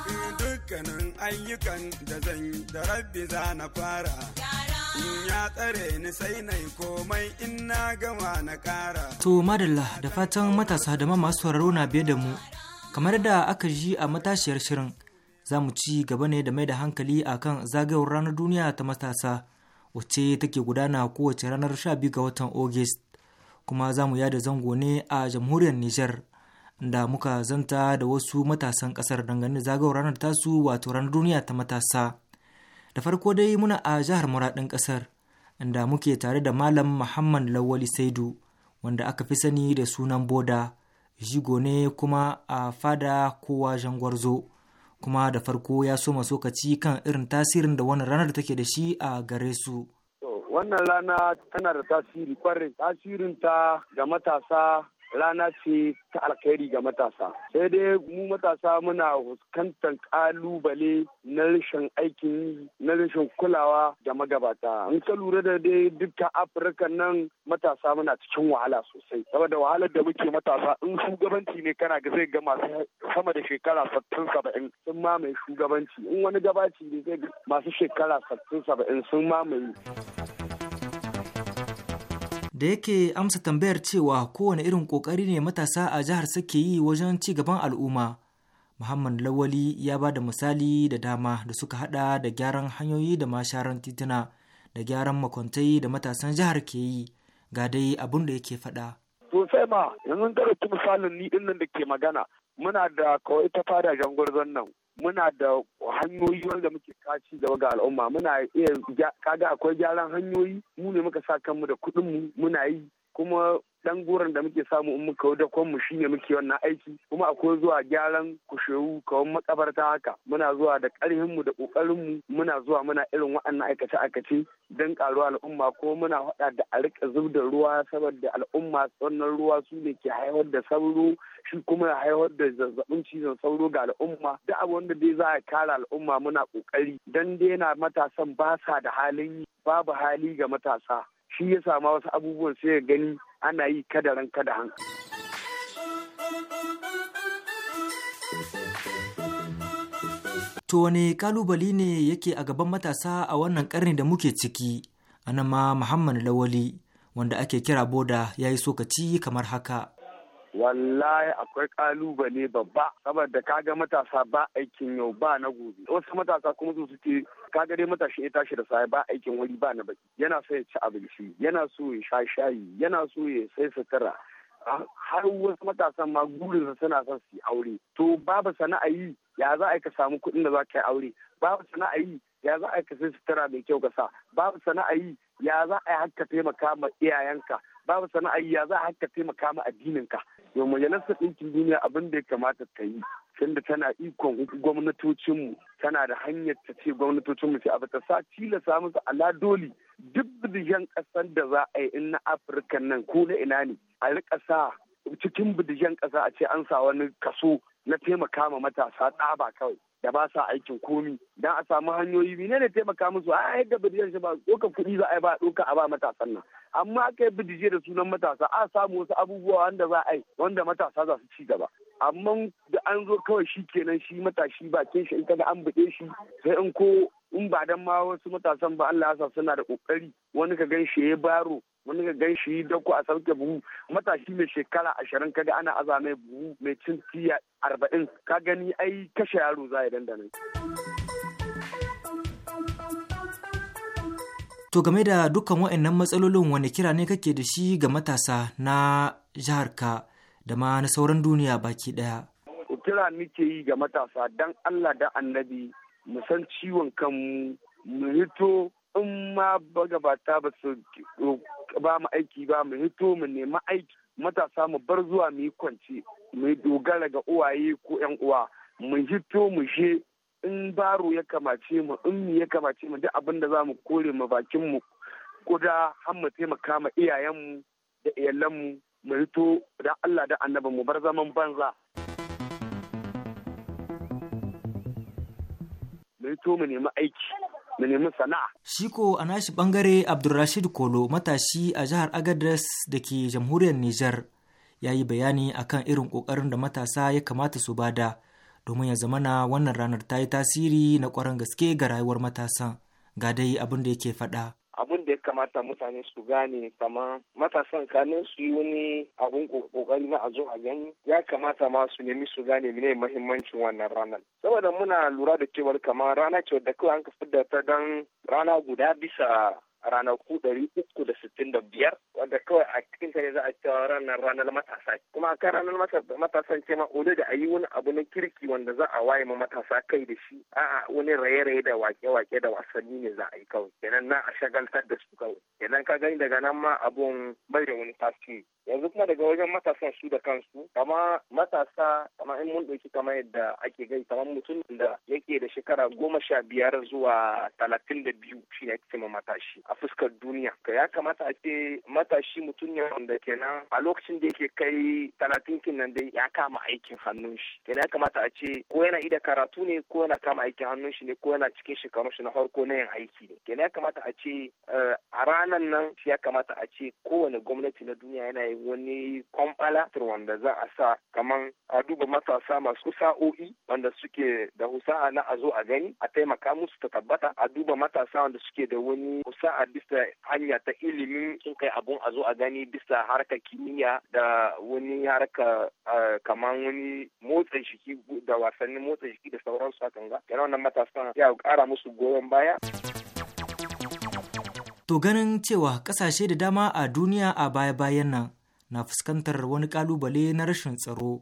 dukkanin ayyukan da zan da rabbi za na fara yara To madalla da fatan matasa da masu sauraro na biye da mu, kamar da aka ji a matashiyar shirin za mu ci gaba ne da mai da hankali a kan zagayowar ranar duniya ta matasa wacce take gudana kowace ranar 12 ga watan Ogist kuma za mu yada zango ne a jamhuriyar Nijar da muka zanta da wasu matasan ƙasar dangane zagayowar ranar tasu wato ranar duniya ta matasa. da farko dai muna a jihar muradin ƙasar inda muke tare da malam muhammad lawali saidu wanda aka fi sani da sunan boda jigo ne kuma a fada kowa jangwarzo kuma da farko ya so sokaci kan irin tasirin da wannan ranar take da shi a gare su. wannan rana tana da tasiri kwarai tasirin ga matasa rana ce ta alkhairi ga matasa sai dai mu matasa muna fuskantar kalubale na rashin aikin na rashin kulawa da magabata in ka lura da dai duka afirka nan matasa muna cikin wahala sosai saboda wahalar da muke matasa in shugabanci ne kana ga zai ga masu sama da shekara sattin saba'in sun mamaye shugabanci in wani gabaci ne zai masu shekara sattin saba'in sun mamaye da yake amsa tambayar cewa kowane irin ƙoƙari ne matasa a jihar suke yi wajen ci gaban al'umma. Muhammad Lawali ya ba da misali da dama da suka hada da gyaran hanyoyi da masharan tituna da gyaran makwantai da matasan jihar ke yi ga dai abin da yake faɗa. Sosai ma yanzu ɗauki misalin ni dinnan nan da ke magana muna da kawai ta fada jangurzon nan muna da hanyoyi wanda muke kaci gaba ga al'umma muna iya kaga akwai gyaran hanyoyi mu ne muka sa kanmu da kuɗin mu muna yi kuma dan goron da muke samu in muka dakon mu shine muke wannan aiki kuma akwai zuwa gyaran kushewu kawan makabarta haka muna zuwa da karhin mu da kokarin mu muna zuwa muna irin wa'annan aikace aikace don karuwa al'umma ko muna hada da a rika zub da ruwa saboda al'umma sannan ruwa su ne ke haihuwar da sauro shi kuma ya haihuwar da zazzabin cizon sauro ga al'umma Da abu wanda dai za a kare al'umma muna kokari dan dai yana matasan ba sa da halin babu hali ga matasa shi ya sama wasu abubuwan sai ya gani ana yi kadaran kada hankali. To wane kalubali ne yake a gaban matasa a wannan karni da muke ciki, a ma Muhammad Lawali wanda ake kira boda ya yi sokaci kamar haka. wallahi akwai kalubale babba saboda kaga matasa ba aikin yau ba na gobe wasu matasa kuma su suke kaga dai matashi ya tashi da sai ba aikin wani ba na baki yana so ya ci abinci yana so ya sha shayi yana so ya sai sutura har wasu matasan ma gurin suna son su aure to babu sana'a yi ya za a ka samu kuɗin da za ka yi aure babu sana'a yi ya za a ka sai sutura mai kyau ka sa babu sana'a yi ya za a yi hakka taimaka ma iyayenka babu sana'a ya za a hakka taimaka ma addininka yau majalisar ɗinkin duniya abin da ya kamata ta yi tunda tana ikon gwamnatocinmu tana da hanyar ta ce gwamnatocinmu ce abu ta sa tilasa musu ala doli duk bidiyan ƙasar da za a yi in na afirka nan ko na ina ne a riƙa sa cikin bidiyan ƙasa a ce an sa wani kaso na taimaka ma matasa tsaba kawai da ba sa aikin komi dan a samu hanyoyi ne ne taimaka musu a yadda bidiyon shi ba doka kuɗi za a yi ba doka a ba matasan nan amma aka yi bidije da sunan matasa a samu wasu abubuwa wanda za a yi wanda matasa za su ci gaba amma da an zo kawai shi kenan shi matashi ke shi in da an buɗe shi sai in ko in ba dan ma wasu matasan ba Allah ya sa suna da kokari wani ka gan shi ya baro wani ga gan shi dauko a sauke buhu matashi mai shekara ashirin kaga ana aza mai buhu mai cin tiya arba'in ka gani ai kashe yaro za a yi dandana. To game da dukkan wa'annan matsalolin wani kira ne kake da shi ga matasa na jihar ka da ma na sauran duniya baki daya. Kira nike yi ga matasa dan Allah da annabi mu san ciwon kanmu mu hito in ma bagabata ba su ba mu aiki ba mu hito mu nemi aiki matasa mu bar zuwa mu yi kwance mu dogara ga uwaye ko yan uwa mu hito mu je in baro ya kamace mu in mu ya kamace mu duk abin da za mu kore mu bakin mu kuda har mu taimaka ma iyayenmu da iyalanmu mu hito da Allah da annabi mu bar zaman banza mu hito mu nemi aiki mu nemi sana'a. Shiko a nashi bangare Abdulrashid Kolo matashi a jihar Agadez da ke jamhuriyar Nijar ya yi bayani akan irin ƙoƙarin da matasa ya kamata su bada domin ya zamana wannan ranar ta yi tasiri na ƙwarar gaske ga rayuwar matasan ga dai abin da yake faɗa. abin da ya kamata mutane su gane kama matasan kanin su yi wani abun kokari na a zo a gani ya kamata ma su nemi su gane mene mahimmancin wannan ranar saboda muna lura da cewar kama, rana ce da kawai an ka da ta dan rana guda bisa ranaku ɗari uku da sittin da biyar wanda kawai a cikin ne za a cewa ranar ranar matasa kuma a kan ranar matasan ce ma ole da a yi wani abu na kirki wanda za a waye ma matasa kai da shi a'a wani raye-raye da wake-wake da wasanni ne za a yi kawai kenan na a shagaltar da su kawai kenan ka gani daga nan ma abun bai wani tasiri yanzu kuma daga wajen matasan su da kansu kama matasa kama in mun ɗauki kama yadda ake gani kama mutum da yake da shekara goma sha biyar zuwa talatin da biyu shi ne matashi a fuskar duniya ka ya kamata a ce matashi mutum ne wanda kenan a lokacin da yake kai talatin kinan dai ya kama aikin hannun shi kenan ya kamata a ce ko yana ida karatu ne ko yana kama aikin hannun shi ne ko yana cikin shekarun shi na farko na yin aiki ne kenan ya kamata a ce eh, a ranar nan ya kamata a ce kowane gwamnati na duniya yana yin wani kwamfala wanda za a sa kaman a duba matasa masu sa'o'i wanda suke da husa'a na a zo a gani a taimaka musu ta tabbata a duba matasa wanda suke da wani husa'a a bisa hanya ta ilimi sun kai abun a zo a gani bisa harka kimiyya da wani harka eh, kamar wani motsa jiki da wasannin motsa jiki da sauransu hakan ga yana wannan matasan ya kara musu goyon baya To ganin cewa kasashe da dama a duniya a baya-bayan nan na fuskantar wani kalubale na rashin tsaro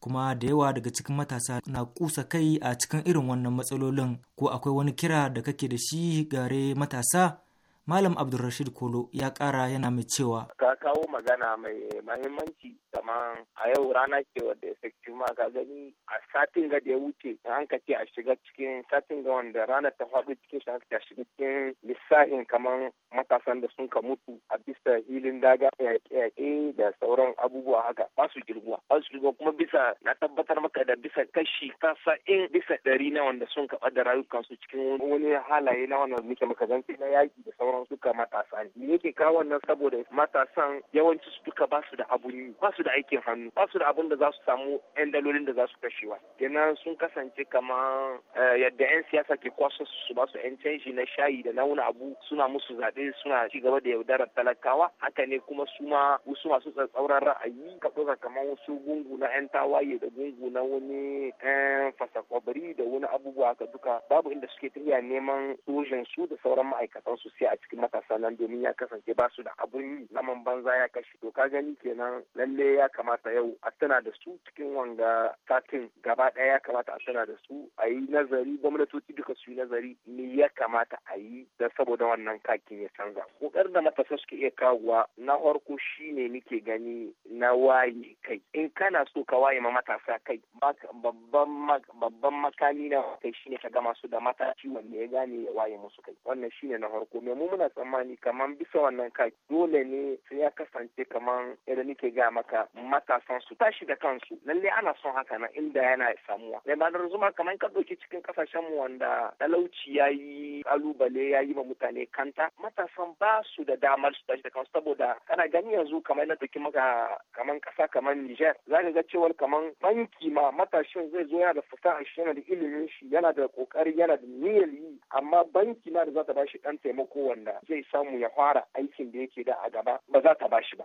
kuma da yawa daga cikin matasa na kusa kai a cikin irin wannan matsalolin ko akwai wani kira da kake da shi gare matasa Malam Abdulrashid Kolo ya ƙara yana mai cewa. Ka kawo magana mai mahimmanci kamar a yau rana ce wadda effective ma ka gani a satin ga da ya wuce an ka ce a shiga cikin satin ga wanda ranar ta faɗi cikin shi a shiga cikin lissafin kamar matasan da sun ka mutu a bisa hilin daga yaƙe-yaƙe da sauran abubuwa haka ba su girgwa. ba su girgwa kuma bisa na tabbatar maka da bisa kashi in bisa ɗari na wanda sun kaɓa da rayukansu cikin wani halaye na wannan muke maka zance na yaƙi da sauran kawo matasa ne me yake kawo wannan saboda matasan yawanci su duka ba su da abun yi ba su da aikin hannu ba su da abun da za su samu yan dalolin da za su kashewa kenan sun kasance kamar eh, yadda yan siyasa ke kwaso su ba su yan canji na shayi da launa abu suna musu zaɓe suna ci gaba da yaudarar talakawa haka ne kuma su ma wasu masu tsatsauran ra'ayi ka ɗauka kamar wasu gungu na yan tawaye da gungu na wani yan eh, fasakwabari da wani abubuwa haka duka babu inda suke tafiya neman sojan su da sauran ma'aikatan su sai a cikin matasa nan domin ya kasance ba su da abun yi zaman banza ya kashe to ka gani kenan lalle ya kamata yau a tana da su cikin wanga satin gaba ɗaya ya kamata a tana da su a yi nazari gwamnatoci duka su yi nazari me ya kamata a yi da saboda wannan kakin ya canza kokarin da matasa suke iya kawowa na farko shine nike gani na waye kai in kana so ka waye ma matasa kai babban makami na kai shine ka gama su da matashi wanda ya gane ya waye musu kai wannan shine na farko me mu muna tsammani kamar bisa wannan ka dole ne sai ya kasance kamar yadda nike ga maka matasan su tashi da kansu lalle ana son haka nan inda yana samuwa da banar zuma kamar ka ɗauki cikin kasashen mu wanda talauci ya yi kalubale ya yi ma mutane kanta matasan ba su da damar su tashi da kansu saboda kana gani yanzu kamar na ɗauki maka kamar kasa kamar Niger za ka ga cewar kamar banki ma matashin zai zo yana da fasaha shi yana da ilimin shi yana da kokari yana da niyyar yi amma banki ma da za ta ba shi ɗan taimako wanda zai samu ya fara aikin da yake da a gaba ba za ta shi ba.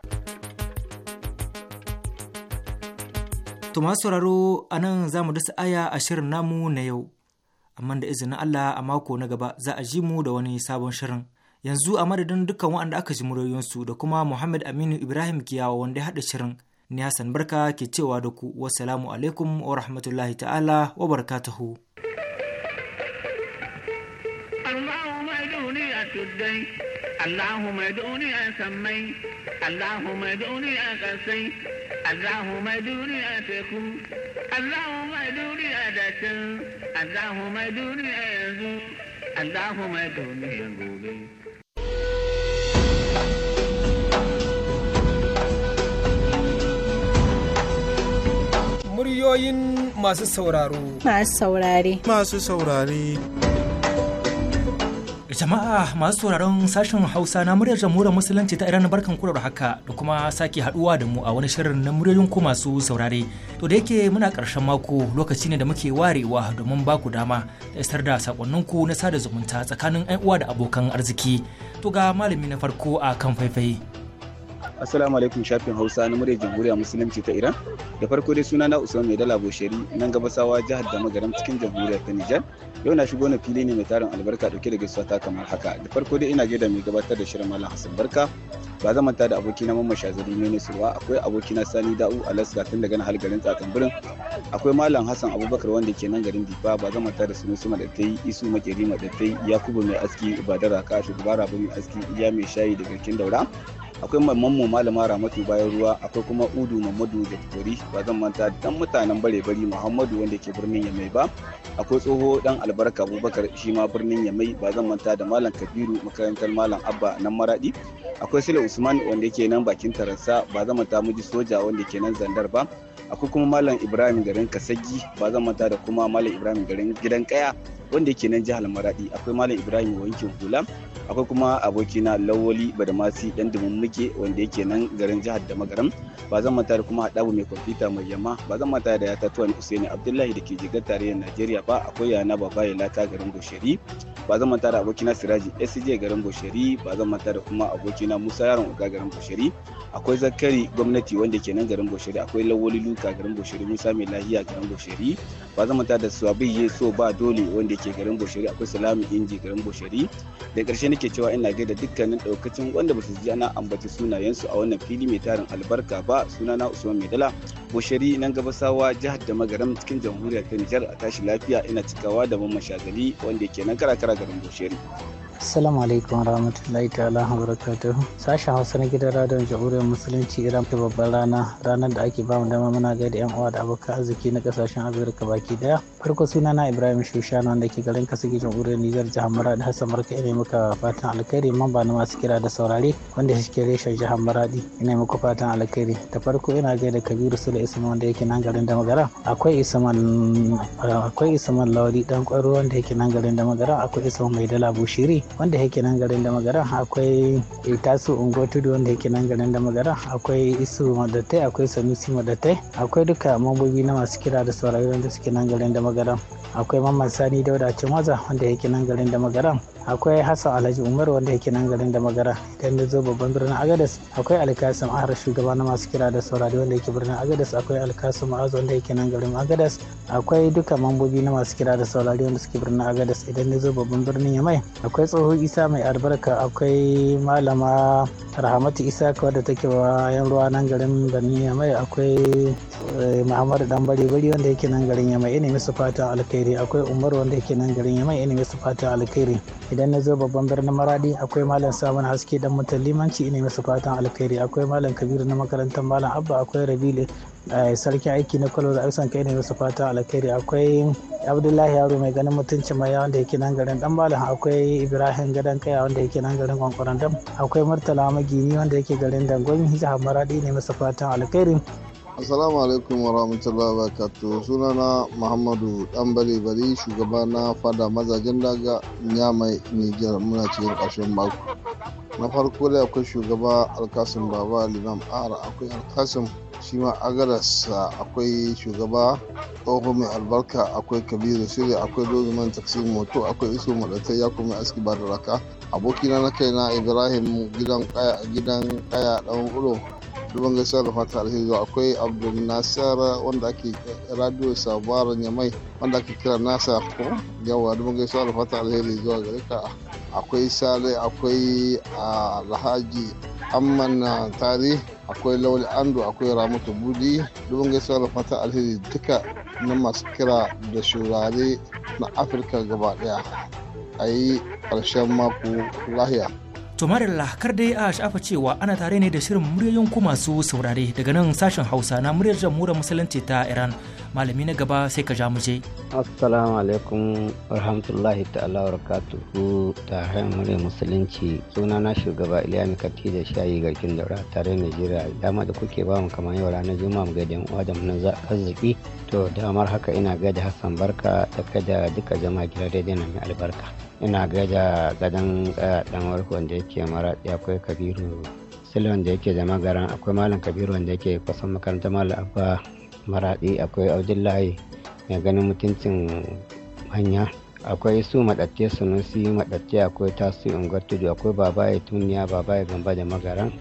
To masu sauraro a nan za mu dasa aya a shirin namu na yau, amma da izinin Allah a mako na gaba za a ji mu da wani sabon shirin. Yanzu a madadin dukkan waɗanda aka ji muryoyinsu da kuma Muhammad Aminu Ibrahim Kiyawa wanda ya haɗa shirin. Ni Hassan Barka ke cewa da ku, Wasalamu alaikum wa rahmatullahi ta'ala wa barkatahu. اللهم ادعوني أسمي اللهم ادعوني أقصي اللهم ادعوني أتكو اللهم ادعوني أدتو اللهم ادعوني أيزو اللهم ادعوني أقولي Muryoyin masu sauraro. Masu saurare. Masu saurare. Jama'a masu sauraron sashen Hausa na muryar jamhuriyar Musulunci ta Iran barkan da haka da kuma sake haduwa da mu a wani shirin na muryoyin ku masu saurare. To da yake muna karshen mako lokaci ne da muke warewa domin ba ku dama da isar da ku na sada zumunta tsakanin 'yan uwa da abokan arziki. To ga malami na farko a kan faifai. Assalamu alaikum shafin Hausa na murya Jamhuriyar Musulunci ta Iran. Da farko dai suna na Usman Mai Dala Bosheri nan sawa jihar da magaram cikin Jamhuriyar ta Nijar. Yau na shigo na fili ne mai tarin albarka dauke da gaisuwa ta kamar haka. Da farko dai ina gaida mai gabatar da shirin Malam Hassan Barka. Ba zama ta da abokina Mamman Shazali ne Sulwa akwai abokina Sani Da'u Alaska tun daga nan garin Tsatsan Birin. Akwai Malam Hassan Abubakar wanda ke nan garin Difa ba zama ta da ta yi, Isu Makeri yi. Yakubu Mai Aski Ibadan Raka Shugaba Rabu Mai Aski Iya Mai Shayi daga Kin Daura. akwai mamman mu malama ramatu bayan ruwa akwai kuma udu mamadu da tori ba zan manta dan mutanen bare bari muhammadu wanda ke birnin yamai ba akwai tsoho dan albarka abubakar shi ma birnin yamai ba zan manta da malam kabiru makarantar malam abba nan maradi akwai sule usman wanda yake nan bakin tarasa. ba zan manta muji soja wanda ke nan zandar ba akwai kuma malam ibrahim garin kasagi ba zan manta da kuma malam ibrahim garin gidan kaya wanda yake nan jihar maradi akwai malam ibrahim wankin hula akwai kuma abokina lawoli badamasi dan dumin muke wanda yake nan garin jihar da magaram ba zan manta da kuma haɗabu mai kwamfuta mai yamma ba zan manta da yata ni usaini abdullahi da ke jigar tarayyar najeriya ba akwai yana baba ya lata garin gosheri ba zan manta da abokina siraji scj garin gosheri ba zan manta da kuma abokina musa yaron uga garin gosheri akwai zakari gwamnati wanda ke nan garin gosheri akwai lawoli luka garin gosheri musa mai lahiya garin gosheri ba zan manta da suwabi yeso ba dole wanda ke garin Boshari akwai Salamu Inji garin Boshari da karshe nake cewa ina da dukkanin ɗaukacin wanda basu ji ana ambaci sunayensu a wannan fili mai tarin albarka ba suna na Usman Maidala Boshari nan gaba sawa jihar da magaram cikin jamhuriyar ta a tashi lafiya ina cikawa da mamman shagali wanda ke nan karakara garin Boshari. Assalamu alaikum warahmatullahi ta'ala barakatuh. Sashen Hausa na gidan radon jamhuriyar musulunci Iran ta babbar rana ranar da ake bamu dama muna da yan uwa da abokan arziki na kasashen Afirka baki daya. Farko sunana na Ibrahim Shushana da ke garin Kasige jamhuriyar Nijar jihar Maradi Hassan Barka ina maka fatan alkhairi ba na masu kira da saurare wanda shi ke reshen jihar Maradi ina muku fatan alkhairi ta farko ina gaida Kabiru Sule Isma wanda yake nan garin da magara akwai Isman akwai Isman Lawli dan kwaro wanda yake nan garin da magara akwai Isman Mai Dala Bushiri wanda yake nan garin da magara akwai Itasu Ungotudu wanda yake nan garin da magara akwai Isu Madatai akwai Sanusi Madatai akwai duka mambobi na masu kira da saurare wanda suke nan garin da magara akwai Mamman Sani da dauda cimaza wanda yake nan garin da magara akwai hassan alhaji umar wanda yake nan garin da magara idan da zo babban birnin agadas akwai alkasim ahar shugaba na masu kira da saurari wanda yake birnin agadas akwai alkasim azu wanda yake nan garin agadas akwai duka mambobi na masu kira da saurari wanda suke birnin agadas idan da zo babban birnin yamai akwai tsoho isa mai albarka akwai malama rahamatu isa wadda take bayan ruwa nan garin birnin yamai akwai eh, muhammadu dan bari bari wanda yake nan garin yamai ina musu fatan alkhairi akwai umar wanda ke nan garin yamai ina fatan alkhairi idan na zo babban birnin maradi akwai malam samun haske dan mutan limanci ina musu fatan alkhairi akwai malam kabiru na makarantar malam abba akwai rabile eh, sarki aiki na kwalwar aisan kai ne musu fatan alkhairi akwai abdullahi yaro mai ganin mutuncin maya wanda yake nan garin dan malam akwai ibrahim gadan kaya wanda yake nan garin kwankwaran dam akwai murtala magini wanda yake garin dangon jihar maradi ne musu fatan alkhairi asalamu alaikum wa rahmatullahi wa suna Sunana Muhammadu Dambare Bari shugaba na fada mazajen daga Nyamai Nijar muna cikin ƙarshen mako. Na farko da akwai shugaba Alkasim Baba Limam Ara akwai Alkasim shi ma agarasa akwai shugaba tsoho mai albarka akwai kabiru shirya akwai man taksi moto akwai iso madatai ya kuma aski ba da raka abokina na kaina ibrahim gidan kaya dan ulo dubban gaisuwa da fata alheri akwai abdul nasir wanda ake radio sabuwar yamai wanda ake kira nasa ko yawa dubban gaisuwa da fata alheri zuwa gare ka akwai sale akwai alhaji amman tari akwai lauli ando akwai ramatu budi dubban gaisuwa da fata alheri duka na masu kira da shurare na afirka gaba daya a yi ƙarshen mako lahiya To la kar dai a shafa cewa ana tare ne da shirin muryoyin ku masu saurare daga nan sashen Hausa na muryar jamhuriyar musulunci ta Iran. Malami na gaba sai ka ja mu je. Assalamu alaikum warahmatullahi ta'ala barakatuhu ta muryar musulunci suna na shugaba Iliya kati da shayi garkin daura tare Najeriya dama da kuke ba mu kamar yau ranar Juma'a mu gaida uwa da arziki to damar haka ina gaida Hassan Barka da kada duka jama'a gidan daidai na mai albarka. ina gaida gadon eh, dan warko wanda yake maraɗi akwai kabiru sule wanda yake da magaran akwai malam kabiru wanda yake kusan makarantar malam abba maraɗi akwai abdullahi mai ganin mutuncin hanya akwai su maɗatte sunusi maɗatte akwai tasu unguwar tudu akwai ya tuniya ya gamba da magaran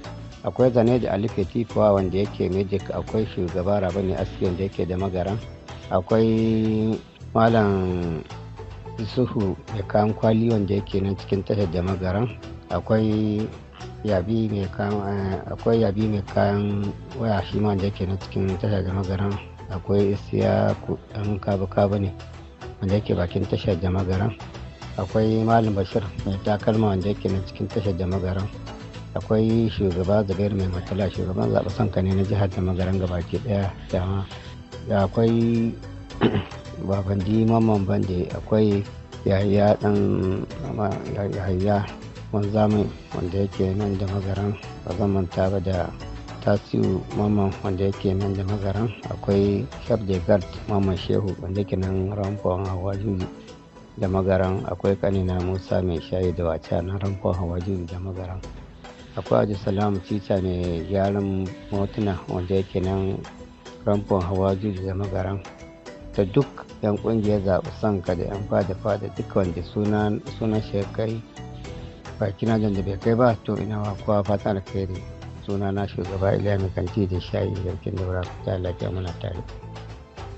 akwai zane da alife tifuwa wanda yake magic akwai shugaba rabani aski wanda yake da magaran akwai malam zuhu mai kayan kwali wanda yake nan cikin tashar da magaran akwai yabi mai kayan eh, akwai yabi mai kayan waya shi ma wanda yake nan cikin tashar da magaran akwai isiya dan kaba kaba ne wanda yake bakin tashar da magaran akwai malam bashir mai takalma wanda yake nan cikin tashar da magaran akwai shugaba zubairu mai matala shugaban zaɓe sanka ne na jihar da magaran gabaki ɗaya dama akwai babandi mamman da akwai yahaya dan yahaya zamani wanda yake nan da magaran ba zan manta ba da tasiu mamman wanda yake nan da magaran akwai shabdegard mamman shehu wanda yake nan ramfon hawa juji da magaran akwai kanina musa mai shayi da wace na ramfon hawa juji da magaran akwai aji salamu cica mai gyaran motuna wanda yake nan ramfon hawa juji da magaran da duk 'yan kungiyar zaɓi ka da 'yan fada fada duka wanda suna shekai ba baki na da bai kai ba to ina wa kowa fata alkhairi suna na shugaba iliya mai kanti da shayi yankin da wura ta lafiya muna tare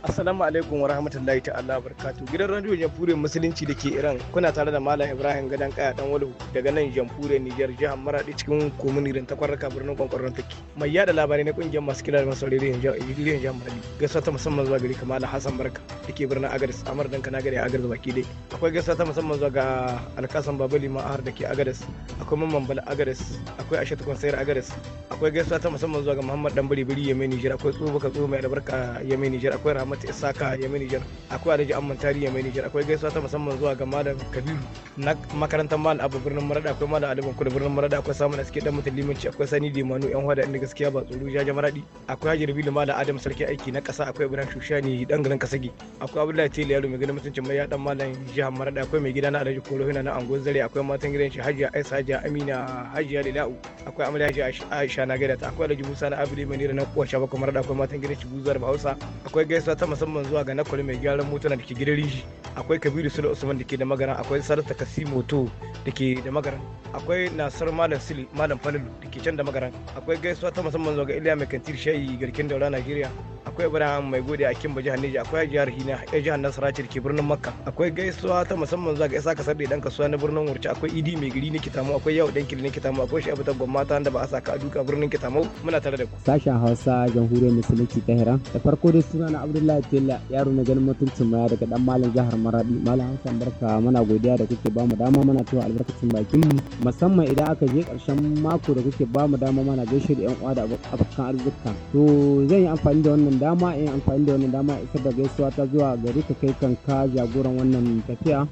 Assalamu alaikum wa rahmatullahi ta'ala barkatu. Gidan radio Jamhuriyar Musulunci da ke Iran kuna tare da Malam Ibrahim Gadan Kaya Dan Walu daga nan Jamhuriyar niger jihar Maradi cikin komunirin takwarraka birnin Kwankwaron Take. Mai yada labarai na kungiyar masu kira da masu rediyon jihar Maradi. Gaisuwa ta musamman zuwa gari Kamala Hassan Barka da ke birnin Agadez Amar Danka na gari Agadez baki dai. Akwai gaisuwa ta musamman zuwa ga Alkasan Babali Ma'ahar da ke Agadez. Akwai Mamman Bala Agadez. Akwai Aishatu Kwansayar Agadez. Akwai gaisuwa ta musamman zuwa ga Muhammad Dan Biri Yemen niger Akwai Tsubuka Tsohuwa Mai Albarka Yemen Niger. Akwai Rahman Ahmad Isaka Yemi Niger akwai Alhaji Amman Tari Yemi Niger akwai gaisuwa ta musamman zuwa ga Malam Kabiru na makarantar Malam Abu birnin Marada akwai Malam Ali kudu birnin Marada akwai Samun da suke dan mutum limanci akwai Sani Dimanu yan hada inda gaskiya ba tsoro jaje Maradi akwai Haji Rabilu Malam Adam Sarki aiki na kasa akwai Ibrahim Shushani dan garin Kasagi akwai Abdullahi Tele Yaro mai gidan mutuncin mai dan Malam Jihar Marada akwai mai gida na Alhaji Kolo Hina na Angon Zare akwai matan gidan shi hajji aisa hajji Amina hajji ya Lila'u akwai Amarya Aisha na gaida ta akwai Alhaji Musa na abu mai nira na Kuwa Shabaka Marada akwai matan gidan shi Buzar Bahausa akwai gaisuwa ta ta musamman zuwa ga nakwari mai gyaran motuna da ke gidan riji akwai kabiru sule usman da ke da magana akwai sarata kasi moto da ke da magana akwai nasar malam sili malam falilu da ke can da magana akwai gaisuwa ta musamman zuwa ga iliya mai kantir shayi garkin daura nigeria akwai ibrahim mai gode a kimba jihar neja akwai jihar hina a jihar nasara ce da ke birnin makka akwai gaisuwa ta musamman zuwa ga isa kasar da dan kasuwa na birnin wurce akwai idi mai gari ne kitamu akwai yau dan kirne kitamu akwai shi abuta gwamnati da ba a saka a duka birnin kitamu muna tare da ku sashen hausa jamhuriyar musulunci ta hira da farko dai suna na abdullahi wallahi Tella yaro na ganin mutuncin maya daga dan malam jihar maradi malam hasan barka mana godiya da kuke bamu dama mana cewa albarkacin bakin mu musamman idan aka je karshen mako da kuke bamu dama mana gaishe da yan uwa da abokan arzika to zan yi amfani da wannan dama in amfani da wannan dama isar da gaisuwa ta zuwa gari ka kai kanka jagoran wannan tafiya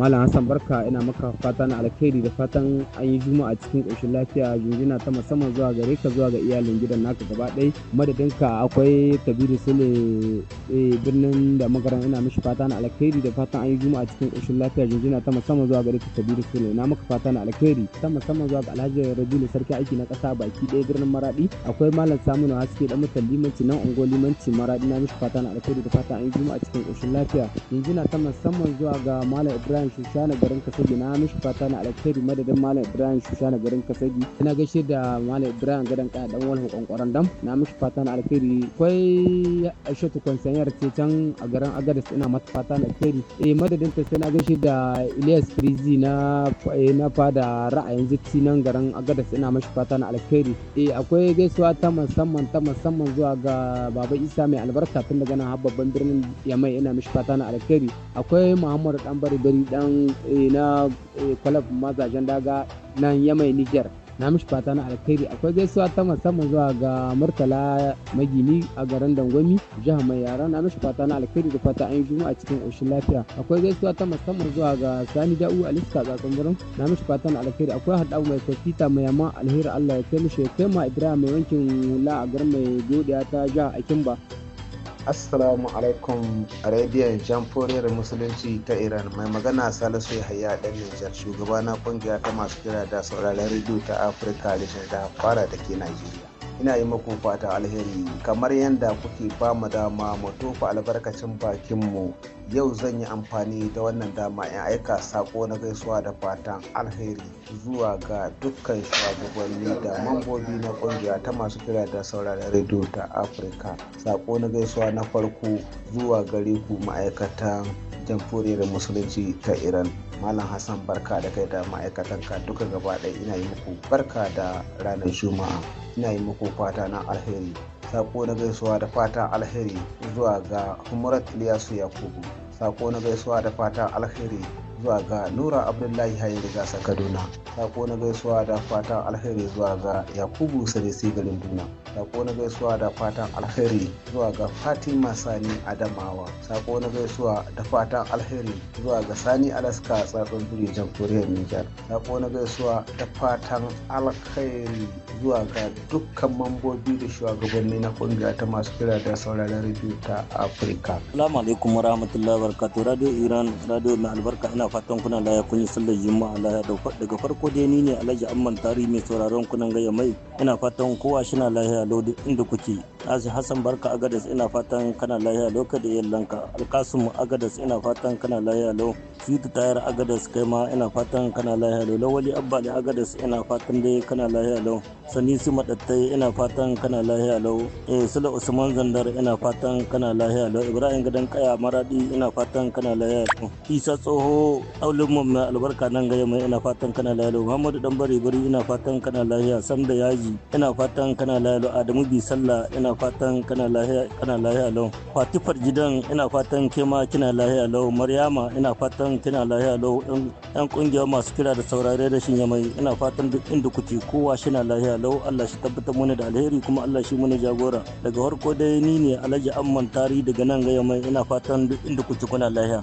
malam hassan barka ina maka fata na alkhairi da fatan an yi juma'a cikin ƙoshin lafiya jinjina ta musamman zuwa gare ka zuwa ga iyalin gidan naka gaba ɗaya madadinka akwai kabiru sule eh, birnin da magaran ina mishi fata na alkhairi da fatan an yi juma'a cikin ƙoshin lafiya jinjina ta musamman zuwa gare ka kabiru sule na maka fata na alkhairi ta musamman zuwa ga alhaji rabilu sarki aiki na ƙasa baki ɗaya birnin maraɗi akwai malam saminu haske dan mutan limanci nan ungo limanci maraɗi na mishi fata na alkhairi da fatan an yi juma'a cikin ƙoshin lafiya jinjina ta musamman zuwa ga malam ibrahim Shushana garin Kasagi na mishi fata na alkhairi madadin Malam Ibrahim Shushana garin Kasagi Na gaishe da Malam Ibrahim gadan ka dan wani kwankwaran dam na mishi fata na alkhairi kwai Aishatu Kwansanyar ce can a garin agadis. ina mata fata na alkhairi eh madadin ta sai na gaishe da Ilyas Frizi na eh, na fada ra'ayin zitsi nan garin agadis. ina mishi fata na alkhairi eh akwai gaisuwa ta musamman ta musamman zuwa ga Baba Isa mai albarka tun daga nan har babban birnin Yamai ina mishi fata na alkhairi akwai Muhammadu Danbari Bari dan eh, na eh, kwalab mazajen daga nan yamai niger na mishi fata na alkhairi akwai gaisuwa ta musamman zuwa ga murtala magini a garin dangwami jihar mai yara na mishi fata na alkhairi da fata an yi a cikin ƙoshin lafiya akwai gaisuwa ta musamman zuwa ga sani da'u a lista tsatsan birnin na mishi fata na alkhairi akwai haɗa mai sofita mai yamma alheri allah ya kai mishi ya kai ma ibrahim mai wankin hula a garin mai godiya ta jihar akimba Assalamu alaikum Arabian jamforiyar Musulunci ta Iran mai magana Salisu Yahaya dan Nijar shugaba na kungiya ta masu kira da sauraron rediyo ta Afirka da fara da ke nigeria. ina yi muku fata alheri kamar yadda kuke ba mu dama mu tofa albarkacin bakinmu yau zan yi amfani da wannan dama in aika sako na gaisuwa da fatan alheri zuwa ga dukkan shugabanni da mambobi na kungiya ta masu kira da sauraron rediyo ta afirka sako na gaisuwa na farko zuwa gare ku ma'aikatan jamhuriyar musulunci ta iran malam hassan barka da kai da ka duka gaba ɗaya ina yi muku barka da ranar juma'a ina yi muku fata na alheri sako na gaisuwa da fatan alheri zuwa ga humarat iliyasu yakubu sako na gaisuwa da fatan alheri zuwa ga nura abdullahi hayar gasa kaduna sako na gaisuwa da fatan alheri zuwa ga yakubu sarisi garin duna sako na gaisuwa da fatan alheri zuwa ga fatima sani adamawa sako na gaisuwa da fatan alheri zuwa ga sani alaska tsatsun biri jamhuriyar niger sako na gaisuwa da fatan alheri zuwa ga dukkan mambobi da shugabanni na kungiya ta masu kira da sauraron radio ta afirka salamu alaikum warahmatullahi wabarakatuh radio iran radio mai albarka ina fatan kuna laya kun yi sallar juma'a laya daga farko dai ni ne alhaji amman tari mai sauraron kunan gaya mai ina fatan kowa shi na lahiya downloading inda kuke Nazi Hassan Barka Agadas ina fatan kana lahiya lau da yallanka. Alkasum Agadas ina fatan kana lahiya lau. Fitu Tayar Agadas kai ma ina fatan kana lahiya lau. Lawali Abbali Agadas ina fatan dai kana lahiya lau. Sanisi Madattai ina fatan kana lahiya lau. Eh Sula Usman Zandar ina fatan kana lahiya lau. Ibrahim Gadan Kaya Maradi ina fatan kana lahiya lau. Isa Tsoho Aulun Mamman Albarka nan gaya mai ina fatan kana lahiya lau. Muhammadu Dan Bari Bari ina fatan kana lahiya. Sanda Yaji ina fatan kana lahiya lau. Adamu Bisalla ina ina fatan kana lahiya kana lahiya lau fatifar gidan ina fatan ke ma kina lahiya lau maryama ina fatan kina lahiya lau yan kungiyar masu kira da saurare da shin yamai ina fatan duk inda kuke kowa shi na lahiya lau Allah shi tabbatar mana da alheri kuma Allah shi mana jagora daga farko dai ni ne Alhaji Amman Tari daga nan ga yamai ina fatan duk inda kuke kuna lahiya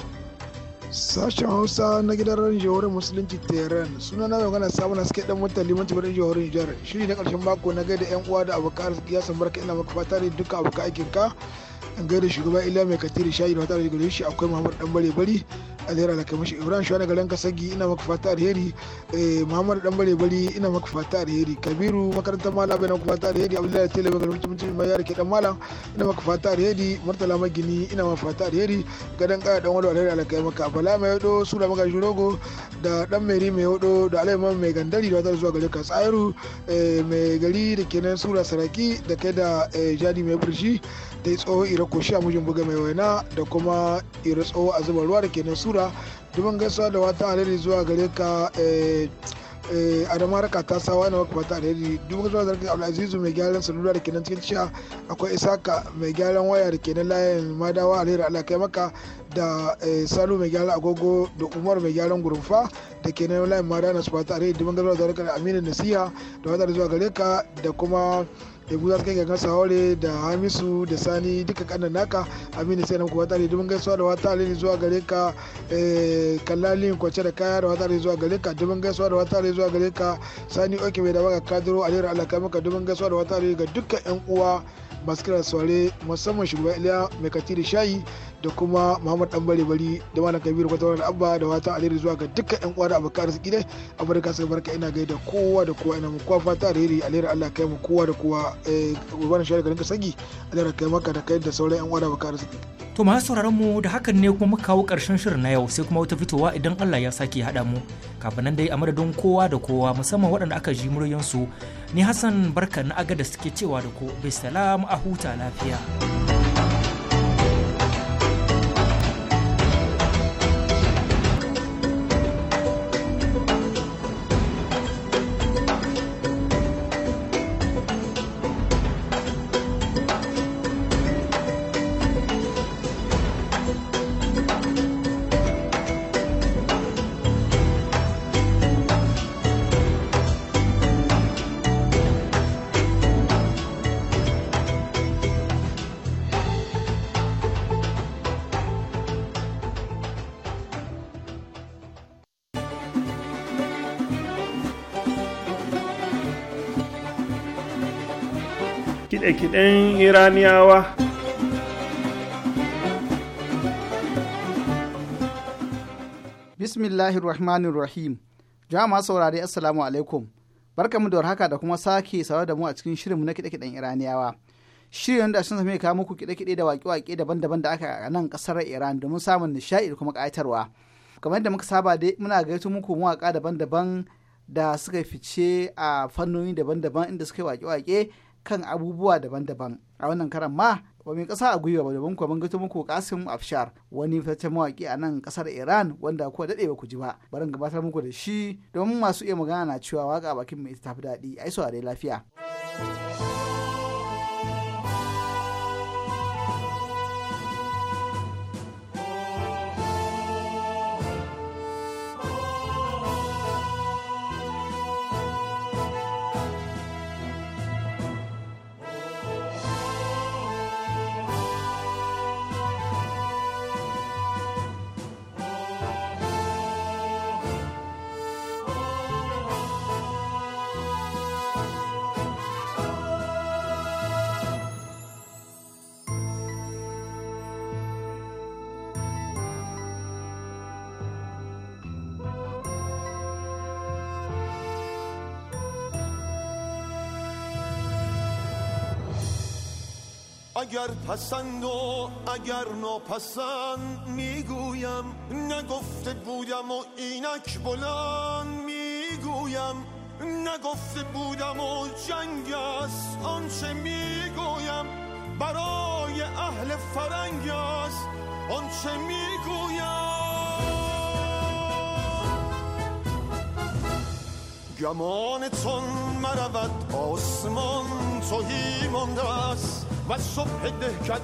Sashen Hausa na gidan ran jihohin Musulunci Tehran suna na magana samun suke dan mutane limanci barin jihohin Nijar shiri na karshen mako na gaida yan uwa da abokan arziki ya barka ina maka fata ne duka abokan aikinka. gaida shugaba ila mai katiri shayi da wata da gare shi akwai muhammad dan bare bari a alheri alakamashi ibrahim shuwa daga ranka sagi ina maka fata alheri eh, muhammad dan bare bari ina maka fata alheri kabiru makarantar malam ina maka fata alheri abdullahi tele maka mutum mutum mai yare ke dan malam ina maka fata alheri murtala magini ina maka fata alheri gadan kaya dan wani alheri alakai maka bala mai yado sura maka jurogo da dan meri mai yado da alaiman mai gandari da wata zuwa gare ka tsayaru eh, mai gari da kenan sura saraki da kai da eh, jadi mai burshi yi tsoho ira koshi a mujin buga mai waina da kuma ira tsoho a zuba ruwa da ke sura domin gaisuwa da wata alheri zuwa gare ka eh, eh, adama raka ta sawa na wakwa ta alheri duk zuwa zargin al'azizu mai gyaran salula da kenan cikin cewa akwai isaka mai gyaran waya da kenan layin madawa alheri ala kai maka da eh, salu mai gyaran agogo da umar mai gyaran gurufa da kenan layin madawa na su ba ta alheri duk zuwa zargin aminu nasiha da wata zuwa gare ka da kuma Ebu za su kai gangan Sahore da Hamisu da Sani duka kanan naka Aminu sai nan kuwa tare domin gaisuwa da wata alheri zuwa gare ka eh, kallalin kwace da kaya da wata alheri zuwa gare ka domin gaisuwa da wata alheri zuwa gare ka Sani Oke mai da baka kadiro a Allah kai maka domin gaisuwa da wata alheri ga dukkan yan uwa masu kiran saurare musamman shugaban Iliya mai katiri shayi da kuma Muhammad Dan Bare Bari da Malam Kabiru Kwatawar Abba da watan alheri zuwa ga dukkan yan uwa da abokan arziki ne Afirka sai barka ina gaida kowa da kowa ina muku fata alheri alheri Allah kai mu kowa da kowa eh wani shari'a garin Kasagi alheri kai maka da kai da sauran yan uwa da abokan arziki to masu sauraron mu da hakan ne kuma muka kawo ƙarshen shirin na yau sai kuma wata fitowa idan Allah ya sake haɗa mu kafin nan dai a madadin kowa da kowa musamman waɗanda aka ji muryansu ni Hassan barka na aga da suke cewa da ku bisalam a huta lafiya. kiɗe iraniyawa bismillahir rahmanir rahim jama'a saurari assalamu alaikum barkamu da warhaka da kuma sake saurare da mu a cikin shirinmu na kiɗe-kiɗen iraniyawa shirin wanda sun sami kawo muku kiɗe-kiɗe da waƙe-waƙe daban-daban da aka a nan ƙasar iran domin samun nishaɗi da kuma ƙayatarwa kamar yadda muka saba dai muna gaito muku mawaƙa daban-daban da suka fice a fannoni daban-daban inda suka yi waƙe-waƙe kan abubuwa daban-daban a wannan karan ma ba mai kasa a gwiwa ba domin kuwa ban gato muku Kasim Afshar wani fitaccen mawaki a nan kasar Iran wanda ko dade ba ku ji ba barin gabatar muku da shi domin masu iya magana na cewa waka bakin mai tafi daɗi ai saurare lafiya. اگر پسند و اگر ناپسند میگویم نگفته بودم و اینک بلند میگویم نگفته بودم و جنگ است آنچه میگویم برای اهل فرنگ است آنچه میگویم گمانتون مرود آسمان توهی مانده است و صبح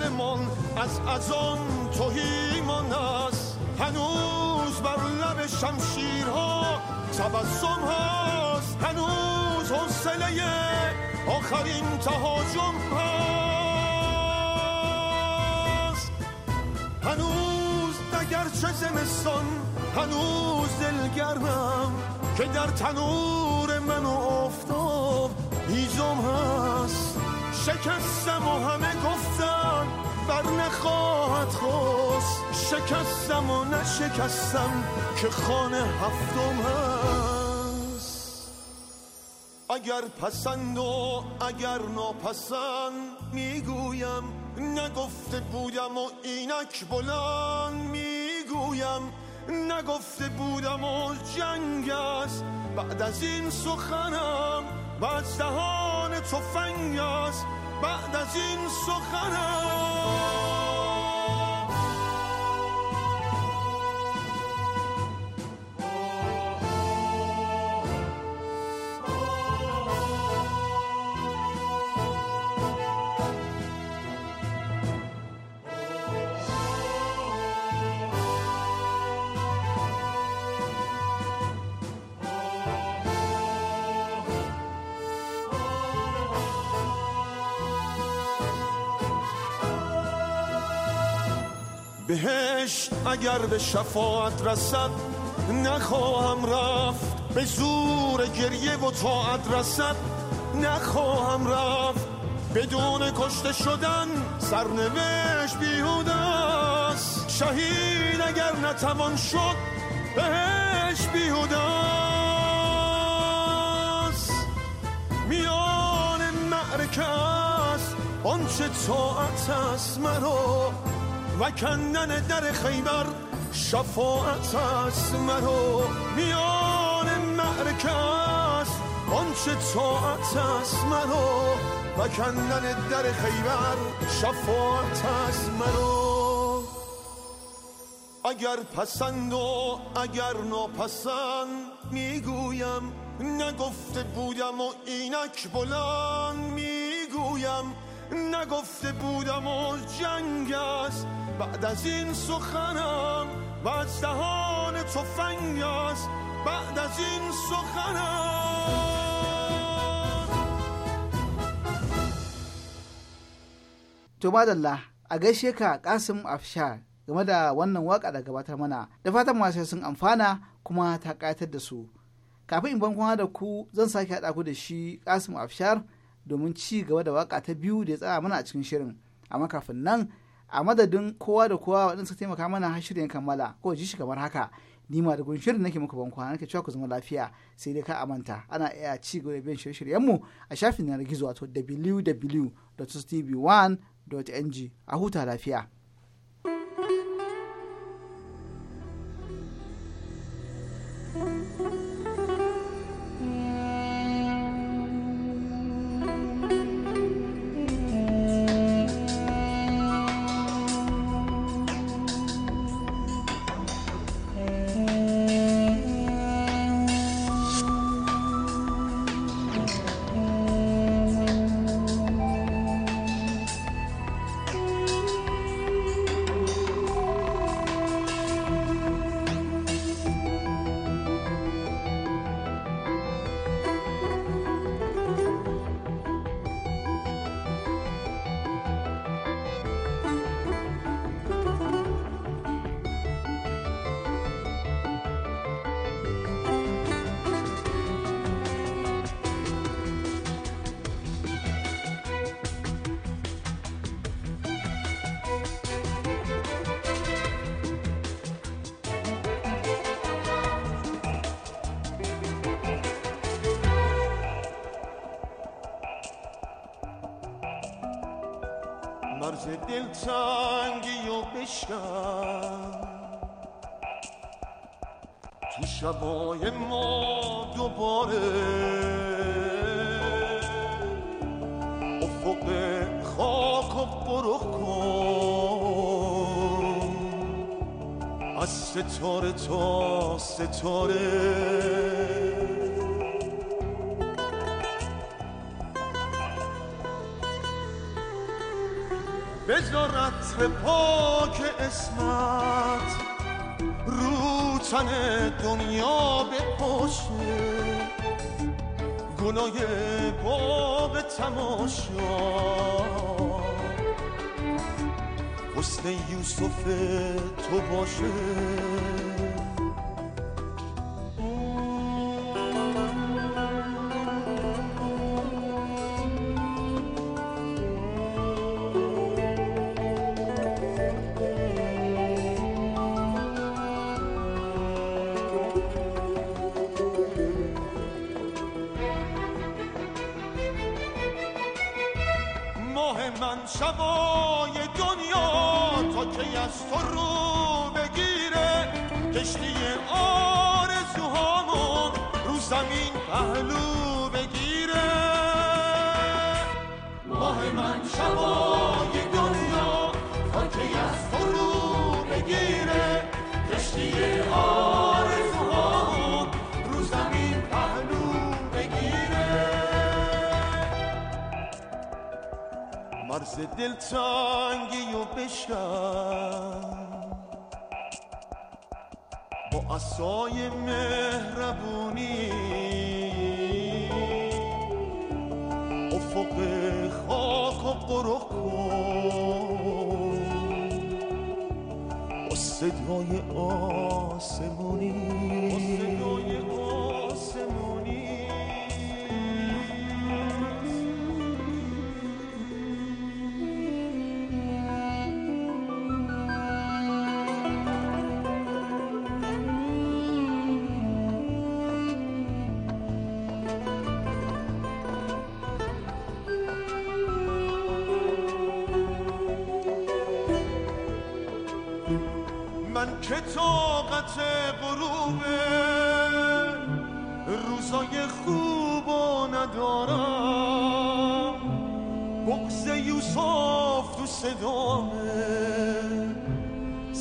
من از از آن توهیمان است هنوز بر لب شمشیرها تبسم هست هنوز حوصله آخرین تهاجم هست هنوز چه زمستان هنوز دلگرمم که در تنور من و افتاب هیزم هست شکستم و همه گفتن بر نخواهد خواست شکستم و نشکستم که خانه هفتم هست اگر پسند و اگر ناپسند میگویم نگفته بودم و اینک بلند میگویم نگفته بودم و جنگ است بعد از این سخنم بعد دهان تفنگ است بعد از این سخنم بهشت اگر به شفاعت رسد نخواهم رفت به زور گریه و تاعت رسد نخواهم رفت بدون کشته شدن سرنوشت بیهوده شهید اگر نتوان شد بهش بیهوده میان معرکه است آنچه تاعت است مرا و کندن در خیبر شفاعت است مرا میان معرکه است آنچه طاعت است مرا و کندن در خیبر شفاعت است مرا اگر پسند و اگر ناپسند میگویم نگفته بودم و اینک بلند میگویم نگفته بودم و جنگ است بعد از این سخنم و از دهان توفنگ بعد از این سخنم تو madalla a gaishe ka kasim afshar game da wannan waka da gabatar mana da fatan masu sun amfana kuma ta ƙayatar da su kafin in bankon da ku zan sake haɗa ku da shi kasim afshar domin ci gaba da waka ta biyu da ya tsara mana a cikin shirin amma kafin nan a madadin kowa da kowa waɗanda suka taimaka mana har shirin kammala ko ji shi kamar haka ni ma da gunshirin nake muku ban kwana nake cewa ku zama lafiya sai dai ka amanta ana iya ci gaba da bin shirye mu a shafin yanar gizo wato www.tv1.ng a huta lafiya. مرز دلتنگی و بشکن تو شبای ما دوباره افق خاک و برو کن از ستاره تا ستاره به پاک اسمت رو تن دنیا پاشه گناه باب تماشا حسن یوسف تو باشه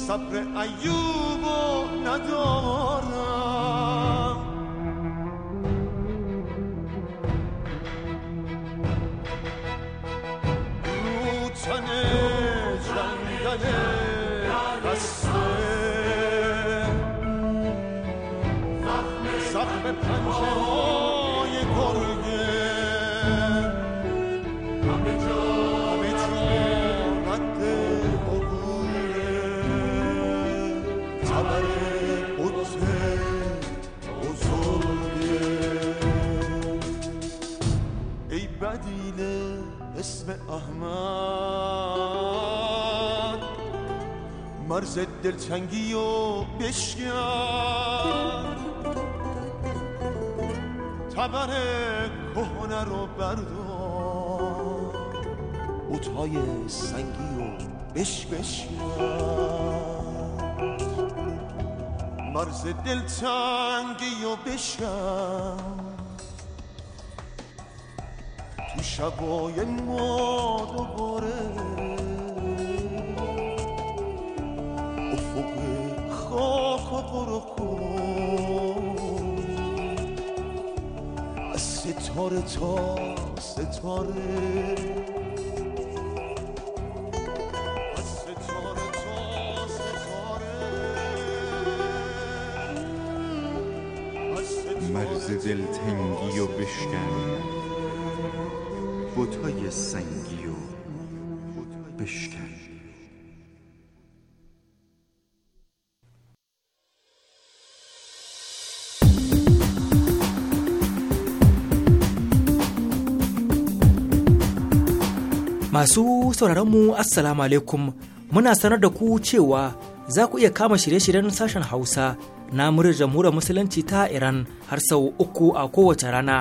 صبر ایوب و ندارم جنگل بسته احمد مرز دلتنگی و بشکن تبر کهنه رو بردار بوتهای سنگی و بش مرز دلتنگی و بشکن شبای ما دوباره افق خاک و برو کن از ستاره تا ستاره از ستاره مرز دلتنگی و بشکن بوتهای سنگی و بشکن Masu sauraronmu Assalamu alaikum muna sanar da ku cewa za ku iya kama shirye-shiryen sashen Hausa na muryar jamhuriyar Musulunci ta Iran har sau uku a kowace rana.